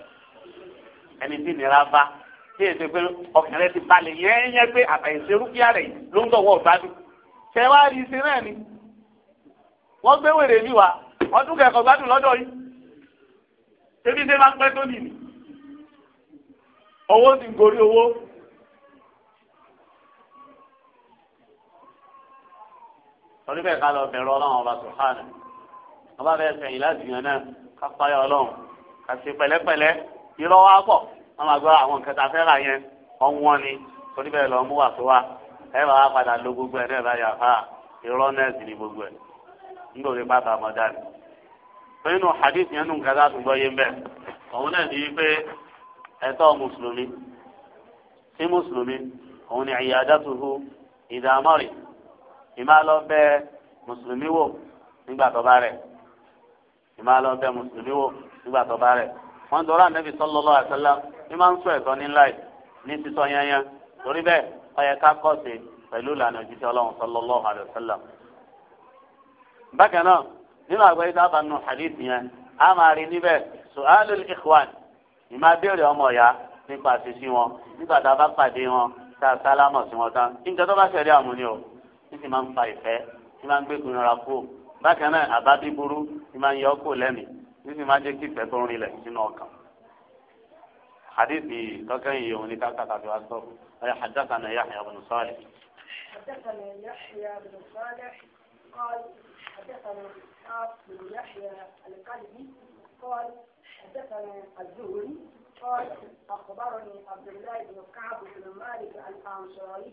ẹni tí nira bá tí èsè pé ọkàn rẹ ti balẹ̀ yẹn yẹn pé àtàyèsè rúkìá rẹ ló ń dọ̀wọ́ ọ̀gbádùn ṣẹ wá rí sí náà ni wọ́n gbé wèrè mi wá ọdún kẹ̀kọ́ gbádùn lọ́dọ̀ yìí ṣébí ṣe máa ń pẹ́ tó nì ní owó ti ń gorí owó. torí bẹ́ẹ̀ ká lọ bẹ̀rù ọlọ́run ọba sùhánù ọba bẹ́ẹ̀ sẹ̀yìn láti yàn náà ká páyà ọlọ́run ká ṣe pẹ̀lẹ́pẹ̀lẹ́ irọ́ wa pọ̀ wọ́n máa gbọ́ àwọn nǹkan tá a fẹ́ rà yẹn ọ̀wọ́n ni torí bẹ́ẹ̀ lọ mú wà tó wa ẹ bá wa padà lo gbogbo ẹ̀ náà báyà fà irọ́ náà ni gbogbo ẹ̀ nítorí pátá mọ̀ dání. nínú hadith yẹn nù nǹkan tá gbọ́ yé ń òun náà ní pé ẹ̀tọ́ mùsùlùmí sí mùsùlùmí òun ni ìyàdátùhù ìdààmọ́rì ìmá lọ bẹ̀ mùsùlùmí wò nígbà tó bá rẹ̀ ìmá wọn dọ̀rọ̀ ànábì sallallahu alaihi wasallam ní máa ń sọ ẹ̀tọ́ nílá yìí ní sísọ yányán torí bẹ́ẹ̀ ó yẹ ká kọ́sì pẹ̀lú ìlànà òjíṣẹ́ ọlọ́run sallallahu alaihi wasallam. bákan náà nínú àgbáyé tá a bá nu hadith yẹn a máa rí níbẹ̀ su'alul ikhwan ìmá béèrè ọmọ ìyá nípa àṣìṣe wọn nígbà tá a bá pàdé wọn tá a sálámọ̀ sí wọn tán níta tó bá ṣẹlẹ̀ àmúni o ní ti máa ń fa ìfẹ́ ní máa ń gbé kùnrin ra kú bákan náà àbá bíburú ní máa ń yọ kú lẹ́mìí níbi máa jẹ́ kí ìfẹ́ tó ń rinlẹ̀ sínú ọkàn. حديثي كان يوني كاكا في أصدر حدثنا يحيى بن صالح حدثنا يحيى بن صالح قال حدثنا إسحاق بن يحيى القلبي قال حدثنا الزهري قال أخبرني عبد الله بن كعب بن مالك الأنصاري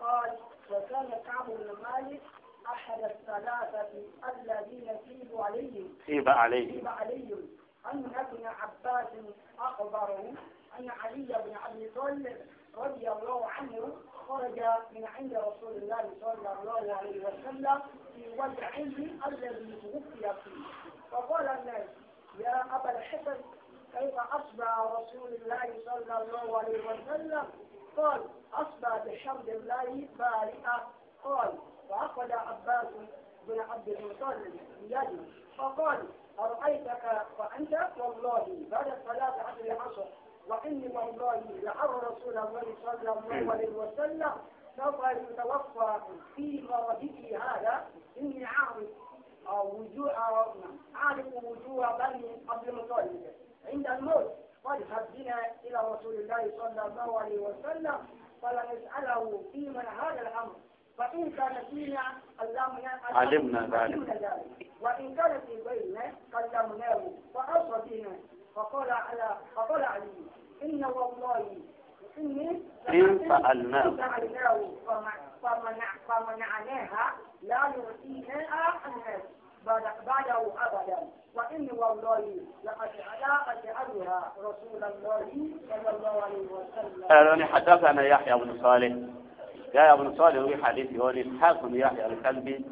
قال وكان كعب بن مالك أحد الثلاثة الذين سيب عليهم سيب عليهم سيب عليهم أن ابن عباس أخبره أن علي بن أبي طالب رضي الله عنه خرج من عند رسول الله صلى الله عليه وسلم في وضعه الذي توفي فيه فقال الناس يا أبا الحسن كيف أصبح رسول الله صلى الله عليه وسلم قال أصبح بحمد الله بارئة قال فعقد عباس بن عبد المطلب بيده فقال أرأيتك فأنت والله بعد الصلاة عشر العصر وإني والله لعر رسول الله صلى الله عليه وسلم سوف يتوفى في مرضه هذا إني عارف وجوه عارف وجوه بني عبد المطلب عند الموت قد بنا إلى رسول الله صلى الله عليه وسلم فلنسأله في من هذا الأمر وإن كان فينا علمنا ذلك وإن كان في بيننا كلمناه وأوصى بنا فقال على فقال علي إن والله إني إن فعلناه فمنعناها لا يعطيناها بعد بعده أبدا وإن والله لقد لا أجعلها رسول الله صلى الله عليه وسلم. قالوا حدثنا يحيى بن صالح يا ابن صالح في حديث يقول إسحاق بن يحيى الكلبي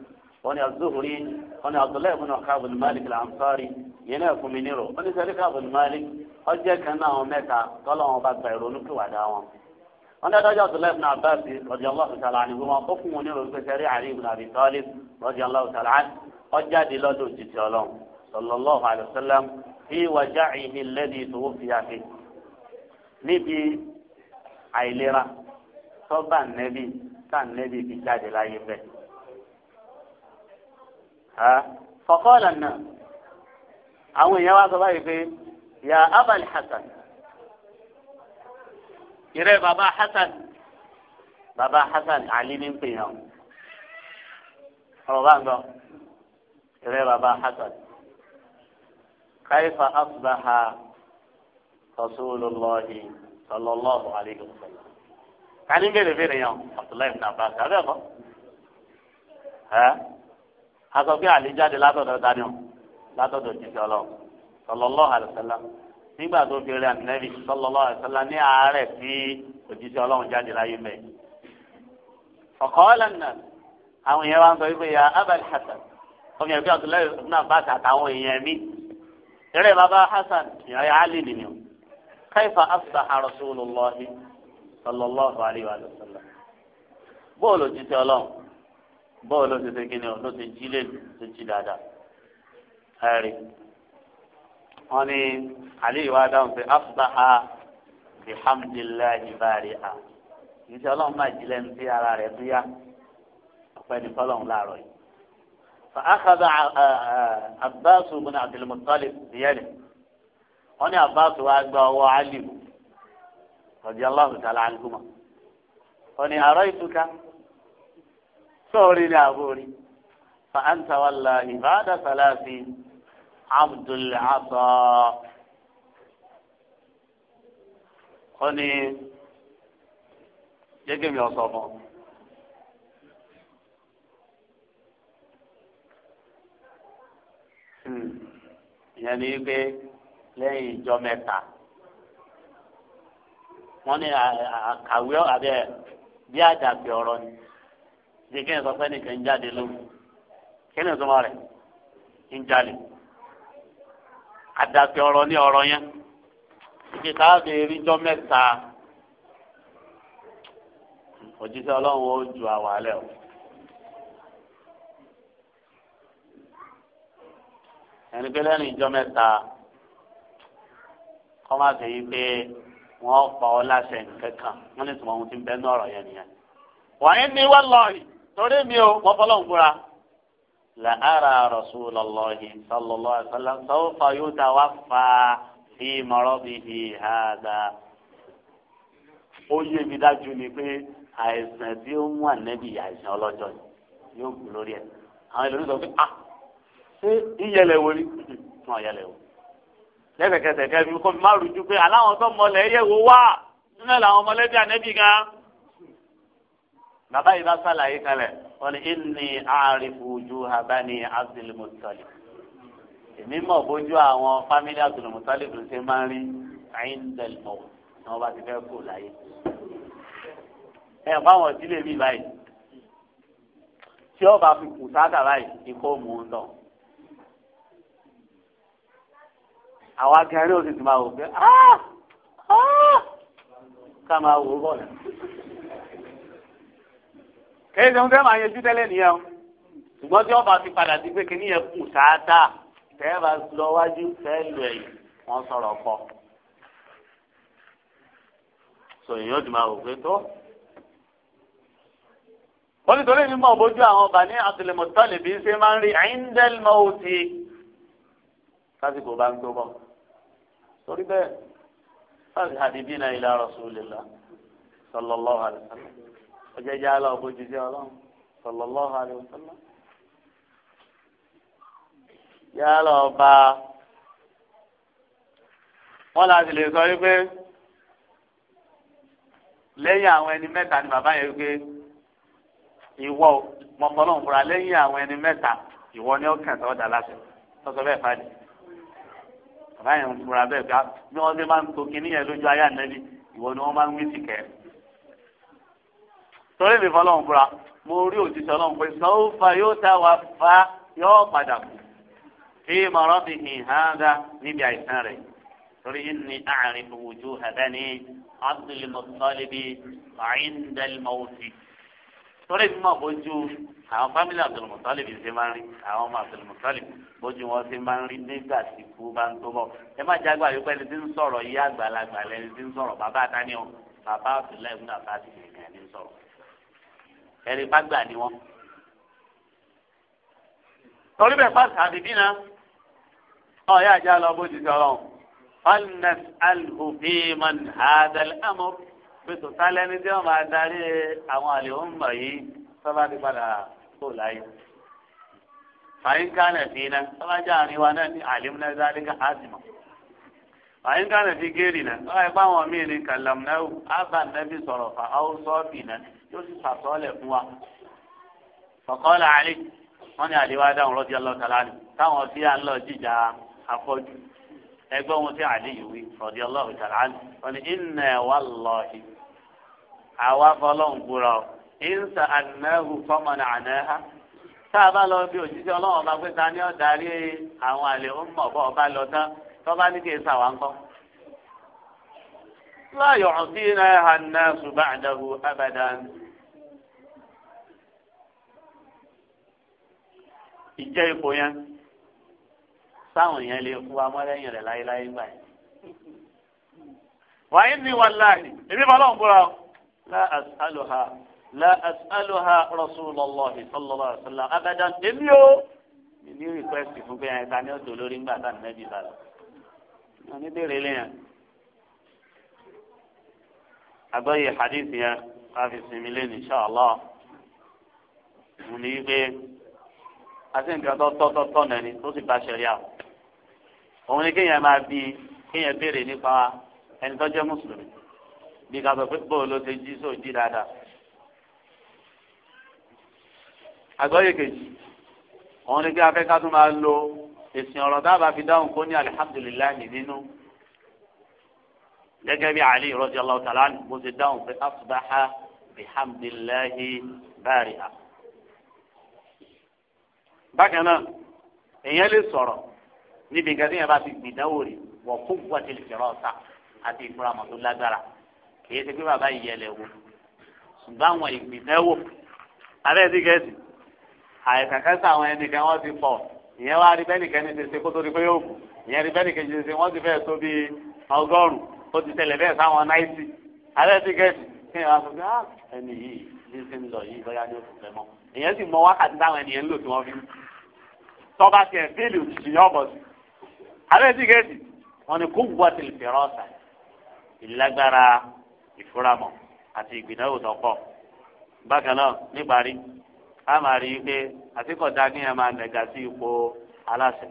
وني الزهري وني عبد الله بن وقاب المالك الأنصاري ينافوا من يرو وني ذلك أبو المالك قد جاء كنا هناك طلعوا بعد بيرونك وعداهم أنا رجع عبد الله بن عباس رضي الله تعالى عنه هو قف من يرو بسريع علي بن أبي طالب رضي الله تعالى عنه قد جاء دلاد صلى الله عليه وسلم في وجعه الذي توفي فيه نبي عيلرة tọ́ba nẹ́bí tá nẹ́bí fi jáde láyé bẹ́ẹ̀. fọ́kọ́ lànà àwọn èèyàn wá sọ báyìí pé yà abal hasan ìrẹ́ baba hasan baba hasan ali ní pè yàn ọ̀rọ̀ bá ń gbọ́ ìrẹ́ baba hasan kaifa asbaha rasulillah sallallahu alayhi wa sallam tani béèrè béèrè yẹn abdullahi ibn abbas abẹ́ kọ́ ẹ aṣọ bí àlejáde látọ̀dọ̀ dání o látọ̀dọ̀ jíjẹ ọlọ́run sallallahu alaihi wasallam nígbà tó fi rí ànínẹ́bí sallallahu alaihi wasallam ní àárẹ̀ tí òjíṣẹ́ ọlọ́run jáde láyé mẹ́. ọ̀kọ́ọ́lẹ̀ nà àwọn èèyàn wa ń sọ wípé ya abal hasan ọmọ ẹgbẹ́ abdullahi ibn abbas àtàwọn èèyàn mi eré baba hasan ìyá ali nìyẹn kaifa afsaha rasulullahi sallallahu alayhi wa sallam bóòlù ti tẹ ọlọ́run bóòlù ti tẹ kíni ọdún ti jí lé ti jí dáadáa ẹrí wọn ni aliyu wa dáhùn pé afúdáhà bihamdillahi bari'a ìṣe ọlọ́run máa jí lẹ́nu sí ara rẹ̀ tó yá ọpẹ́ ní fọlọ́run láàárọ̀ yìí fa akhadha abbas ibn abdul muttalib wọn ni abbas wa gba ọwọ́ aliyu rọ̀dí aláhùn tààlà àgùnmọ̀ ọ̀nì àárọ̀ ìtúká sóòrì ní àbórí fa anta wàllá ìbáàdà sàlàsì abdul asa ọ̀nì gẹ́gẹ́ mi ọ̀sọ̀ mọ́. Hmm. ìyẹn ni pé lẹ́yìn ìjọ mẹ́ta. wọ́n ní àkàwé àbẹ bí ni bí kí ni sọ pé nìkan ń jáde lóru kí ni ìtumọ̀ rẹ̀ ń jalè ní yẹn mẹ́ta òjíṣẹ́ ó ju o. ẹni pé ìjọ mẹ́ta kọ́ máa pé. wọn pa ọ láṣẹ kankan wọn lè tún ohun tí ń bẹ ní ọ̀rọ̀ yẹn nìyẹn. wàá ní wallahi torí mi ò mọ fọlọ́n gbúra. la ara rasulallahi sallallahu alaihi wasallam sawfa yutawaffa fi maradihi hada. ó yé mi dájú ni pé àìsàn tí ó mú ànẹ́bí àìsàn ọlọ́jọ́ yóò kú lórí ẹ̀. àwọn ìlú sọ pé ah ṣé ìyẹlẹ wo ni? ọ̀yẹlẹ wo lẹ́sẹ̀kẹsẹ̀ kẹfì kó fi má rújú pé aláwọn tó mọlẹ̀ ẹ̀yẹ wo wá nínú làwọn mọlẹ́bí ànẹ́bí gan. bàbá yìí bá sàlàyé kalẹ̀ wọ́n ní ìní àárífù ojú abáni abdulmutali èmi mọ̀ bójú àwọn fámílì abdulmutali tó ṣe máa ń rí àyíndẹ̀lmọ̀ ni wọ́n bá ti fẹ́ kó láyé. ẹ báwọn ìdílé mi báyìí tí ọba fi kù sáà dà báyìí ikú òmùú náà. àwọn akẹrin ò sì ti máa wò pé ah! Ah! ká máa wò ó bọ̀ náà. kéyìí tó ń fẹ́ máa yanjú tẹ́lẹ̀ nìyẹn o ṣùgbọ́n tí wọ́n bá ti padà sí pé kí nìyẹn kù sáátá tẹ́ ẹ bá lọ wájú tẹ́ ẹ lù ẹ̀yìn wọ́n sọ̀rọ̀ pọ̀. sọ èèyàn ti máa wò pé tó. wọ́n ti torí mímọ́ bójú àwọn ọba ní àtìlẹ́mọ̀tọ́lẹ̀ bí ṣe máa ń rí àyíndẹ́lmọ́ọ̀tì lásìkò bá ń tó bọ̀ torí bẹ́ẹ̀ fáwọn àdìbí náà ila rasulillah sallallahu alaihi wasallam ọjọ́ ìjà àlọ́ ọ̀bọ̀jì sí ọlọ́run sallallahu alaihi wasallam. yálà ọba wọn láti lè sọ wípé lẹ́yìn àwọn ẹni mẹ́ta ni bàbá yẹn wípé ìwọ mọ̀mọ́lọ́hùn fúnra lẹ́yìn àwọn ẹni mẹ́ta ìwọ ni ó kàn sọ́dà láti sọ́sọ́ bẹ́ẹ̀ fáyìí bàbá yẹn ń fura bẹ́ẹ̀ ká ah, bí wọ́n ṣe máa ń to kinní yẹn lójú ayé ànẹ́bí ìwọ ni wọ́n máa ń wí sí kẹ́. torí mi fọ́ lọ́hùn fura mo rí òtítọ́ lọ́hùn pé sọ́ọ́fà yóò ta wà fa yóò padà kù fi mọ̀rọ́ fi hì hànga níbi àìsàn rẹ̀ torí ní àárín òwòjú àdáni abdulmọ̀tálẹ́bí àìndàlmọ̀ọ́sì torí mi mọ̀ bójú àwọn fámìlì Abdulmutalib ṣe máa ń rí àwọn ọmọ Abdulmutalib bójú wọn ṣe máa ń rí nígbà tí kú bá ń tó bọ̀ ẹ má jágbá yóò pẹ́ ẹni tí ń sọ̀rọ̀ yí àgbàlagbà lẹni tí ń sọ̀rọ̀ bàbá àtàní o bàbá Abdullahi ibùdó àbá ti lè ní ẹni sọ̀rọ̀ ẹni bá gbà ní wọn. torí bẹ́ẹ̀ pàṣẹ àbíbí náà ọ̀yá àjá lọ bó ti sọ̀rọ̀ ọ̀nẹ́s alùpùpìmọ̀n àdàlẹ́ àmọ́ pẹ̀tù sálẹ́ni tí wọ́n máa darí àwọn àlè kó láyé fàyín kánà sí iná tọ́lájà àríwá náà ní àlìmúná zálíkà àtìmọ̀ fàyín kánà sí géèrì náà tọ́lá ipá wọn míì ní kàlámùnáwù ábà nẹ́bí sọ̀rọ̀ fà áwùsọ́ọ̀bì náà yóò sì sàtọ́lẹ̀ fún wa wọn ní táwọn lọ jíjà ẹgbẹ́ wọn ìwé wọn ìnà lọ́ọ̀hìn àwa ìnsa ànáhù fọmọnà ànáhà tá a bá lọ bí ọba pé ta ni ó darí àwọn àlè ń mọ̀ bọ́ ọba lọ tán tó bá ní kí n sàwọn kọ́. láyọ̀ ọ̀sìn náà hànà ṣùgbọ́n àdàbò abadan. ìjẹ́ ipò yẹn sáwọn yẹn lè kú Wa rẹ̀ láéláé gbà yẹn. wàá ní wàláhì èmi bá ọ́ lá àlùhà. la as'aluha rasulullahi sallallahu alaihi wasallam abadan èmi o ní rìkwẹ́sì fún bẹ́ẹ̀ ẹ̀ta ní ọ̀dọ̀ lórí ńgbà tá nínú ẹbí bá lọ. wọ́n ní bèrè lẹ́yìn. àgbọ̀yé hadith yẹn ká fi sinmi lé ní inṣàlá. mo ní í pé àti nǹkan tó tọ́ tọ́ tọ́ nẹni tó sì bá ṣẹlẹ̀ òun ni kéèyàn máa bí kéèyàn béèrè nípa ẹni tó jẹ́ mùsùlùmí. bí ká pé bóòlù ti jí sóò jí dáadáa. àgbọ́yé kejì òun ni kí afẹ́ ká tún máa lo èsì ọ̀rọ̀ dábàá fi dáhùn kó ní alihamudulilayi nínú gẹ́gẹ́ bí ali radiyallahu ta'ala anhu bó ti dáhùn pé asbaha bihamdillahi bari'a. bákan náà èèyàn lè sọ̀rọ̀ níbi nǹkan tí yẹn bá ti gbìdánwò rè wọ̀ kó wà tí lè fẹ́ràn ọ̀sà àti ìfúramọ̀ tó lágbára kì í ṣe pé bàbá ìyẹlẹ̀ wò ṣùgbọ́n àwọn ìgbìdánwò abẹ́ẹ̀ sí kẹ́sì àìsàn kẹsàn àwọn ẹnìkan wọn ti pọ̀ ìyẹn wá rí bẹ́nìkan ní ṣe kó tó di pé yóò kù ìyẹn rí bẹ́nìkan ní ṣe wọ́n ti fẹ́ tó bí ọgọ́rùn ó ti tẹ̀lé bẹ́ẹ̀ sáwọn náìtì alẹ́ ti gẹ̀ẹ́sì kí ẹ̀yàn sọ pé á ah, ẹni yìí ní ṣe ń lọ yìí bóyá ní oṣù fẹ́ mọ́ ìyẹn sì mọ wákàtí táwọn ènìyàn ń lò tí wọ́n fi tọ́ba tiẹ̀ fíìlì òṣìṣì yọ ọ̀bọ̀ sí alẹ́ ti gẹ̀ẹ́sì wọn ni kó wọ́ ti fẹ̀rọ ọ̀sà ìlágbára ìfúramọ̀ àti ìgbìnàwó tọ́pọ̀ bákan náà níparí a máa rí i pé àtikọ̀dá ní ẹ máa nẹ̀gà sí ipò aláṣẹ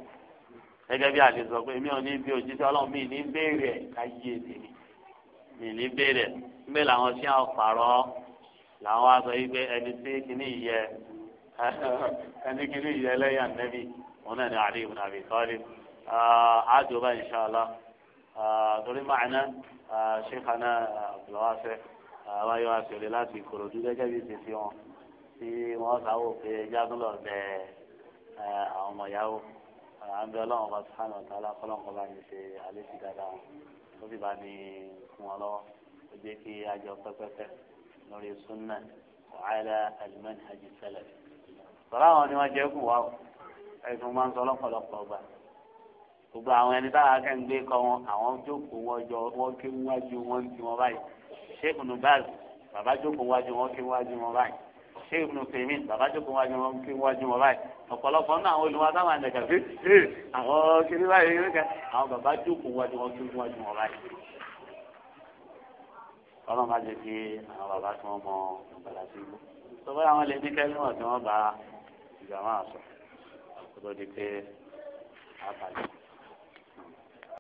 gẹ́gẹ́ bí àlè sọ pé mi ò ní bí òjíṣẹ́ ọlọ́run mi ní béèrè láyé tèmi mi ní béèrè níbẹ̀ làwọn sí àwọn pààrọ̀ làwọn wá sọ yìí pé ẹni tí kìíní yẹ ẹni kìíní yẹ lẹ́yìn ànẹ́bí òun náà ní àlè ìbùnà àbí sọ́ọ́lì àjọba ìṣàlá torí màánà ṣèkànnà àbùlọ́wọ́sẹ̀ wáyé wá sí láti Ìkòròdú gẹ́gẹ́ bí ti tí wọ́n sáwọ́ pé jádúlọ̀ bẹ àwọn ọmọ ìyàwó àbẹ ọlọ́run bá sùhánù ọ̀tá alákọ́lọ́n kọ́ bá ní ṣe àlésì dáadáa ó sì bá ní fún wọn lọ́wọ́ ó jẹ́ kí ajọ pẹ́pẹ́pẹ́ lórí súnà wàhálà alimẹ́ni hajj sẹlẹ̀. sọ̀rọ̀ àwọn ni wọ́n jẹ́ kù wá o ẹ̀sùn máa ń sọ lọ́pọ̀lọpọ̀ gbà gbogbo àwọn ẹni tá a kẹ́ ń gbé kọ́ wọn àwọn jókòó wọn jọ wọn ké wájú wọn ti wọn báyìí ṣé kùnú báàgì bàbá jókòó wájú wọn ké wájú wọn báyìí ṣé ibùdó tèmi babájú kò wájú wọn kí wájú wọn báyìí ọ̀pọ̀lọpọ̀ náà àwọn olùwà táwọn àdàkà fi ṣe àwọn kiri báyìí kiri kan àwọn babájú kò wájú wọn kí wájú wọn báyìí. ọlọ́run má jẹ́ kí àwọn bàbá tí wọ́n mọ ìgbàlá sí ibú tó bá àwọn lè ní kẹ́lẹ́wọ̀n tí wọ́n bá ìgbà máa sọ kó tó di pé àbàlẹ̀.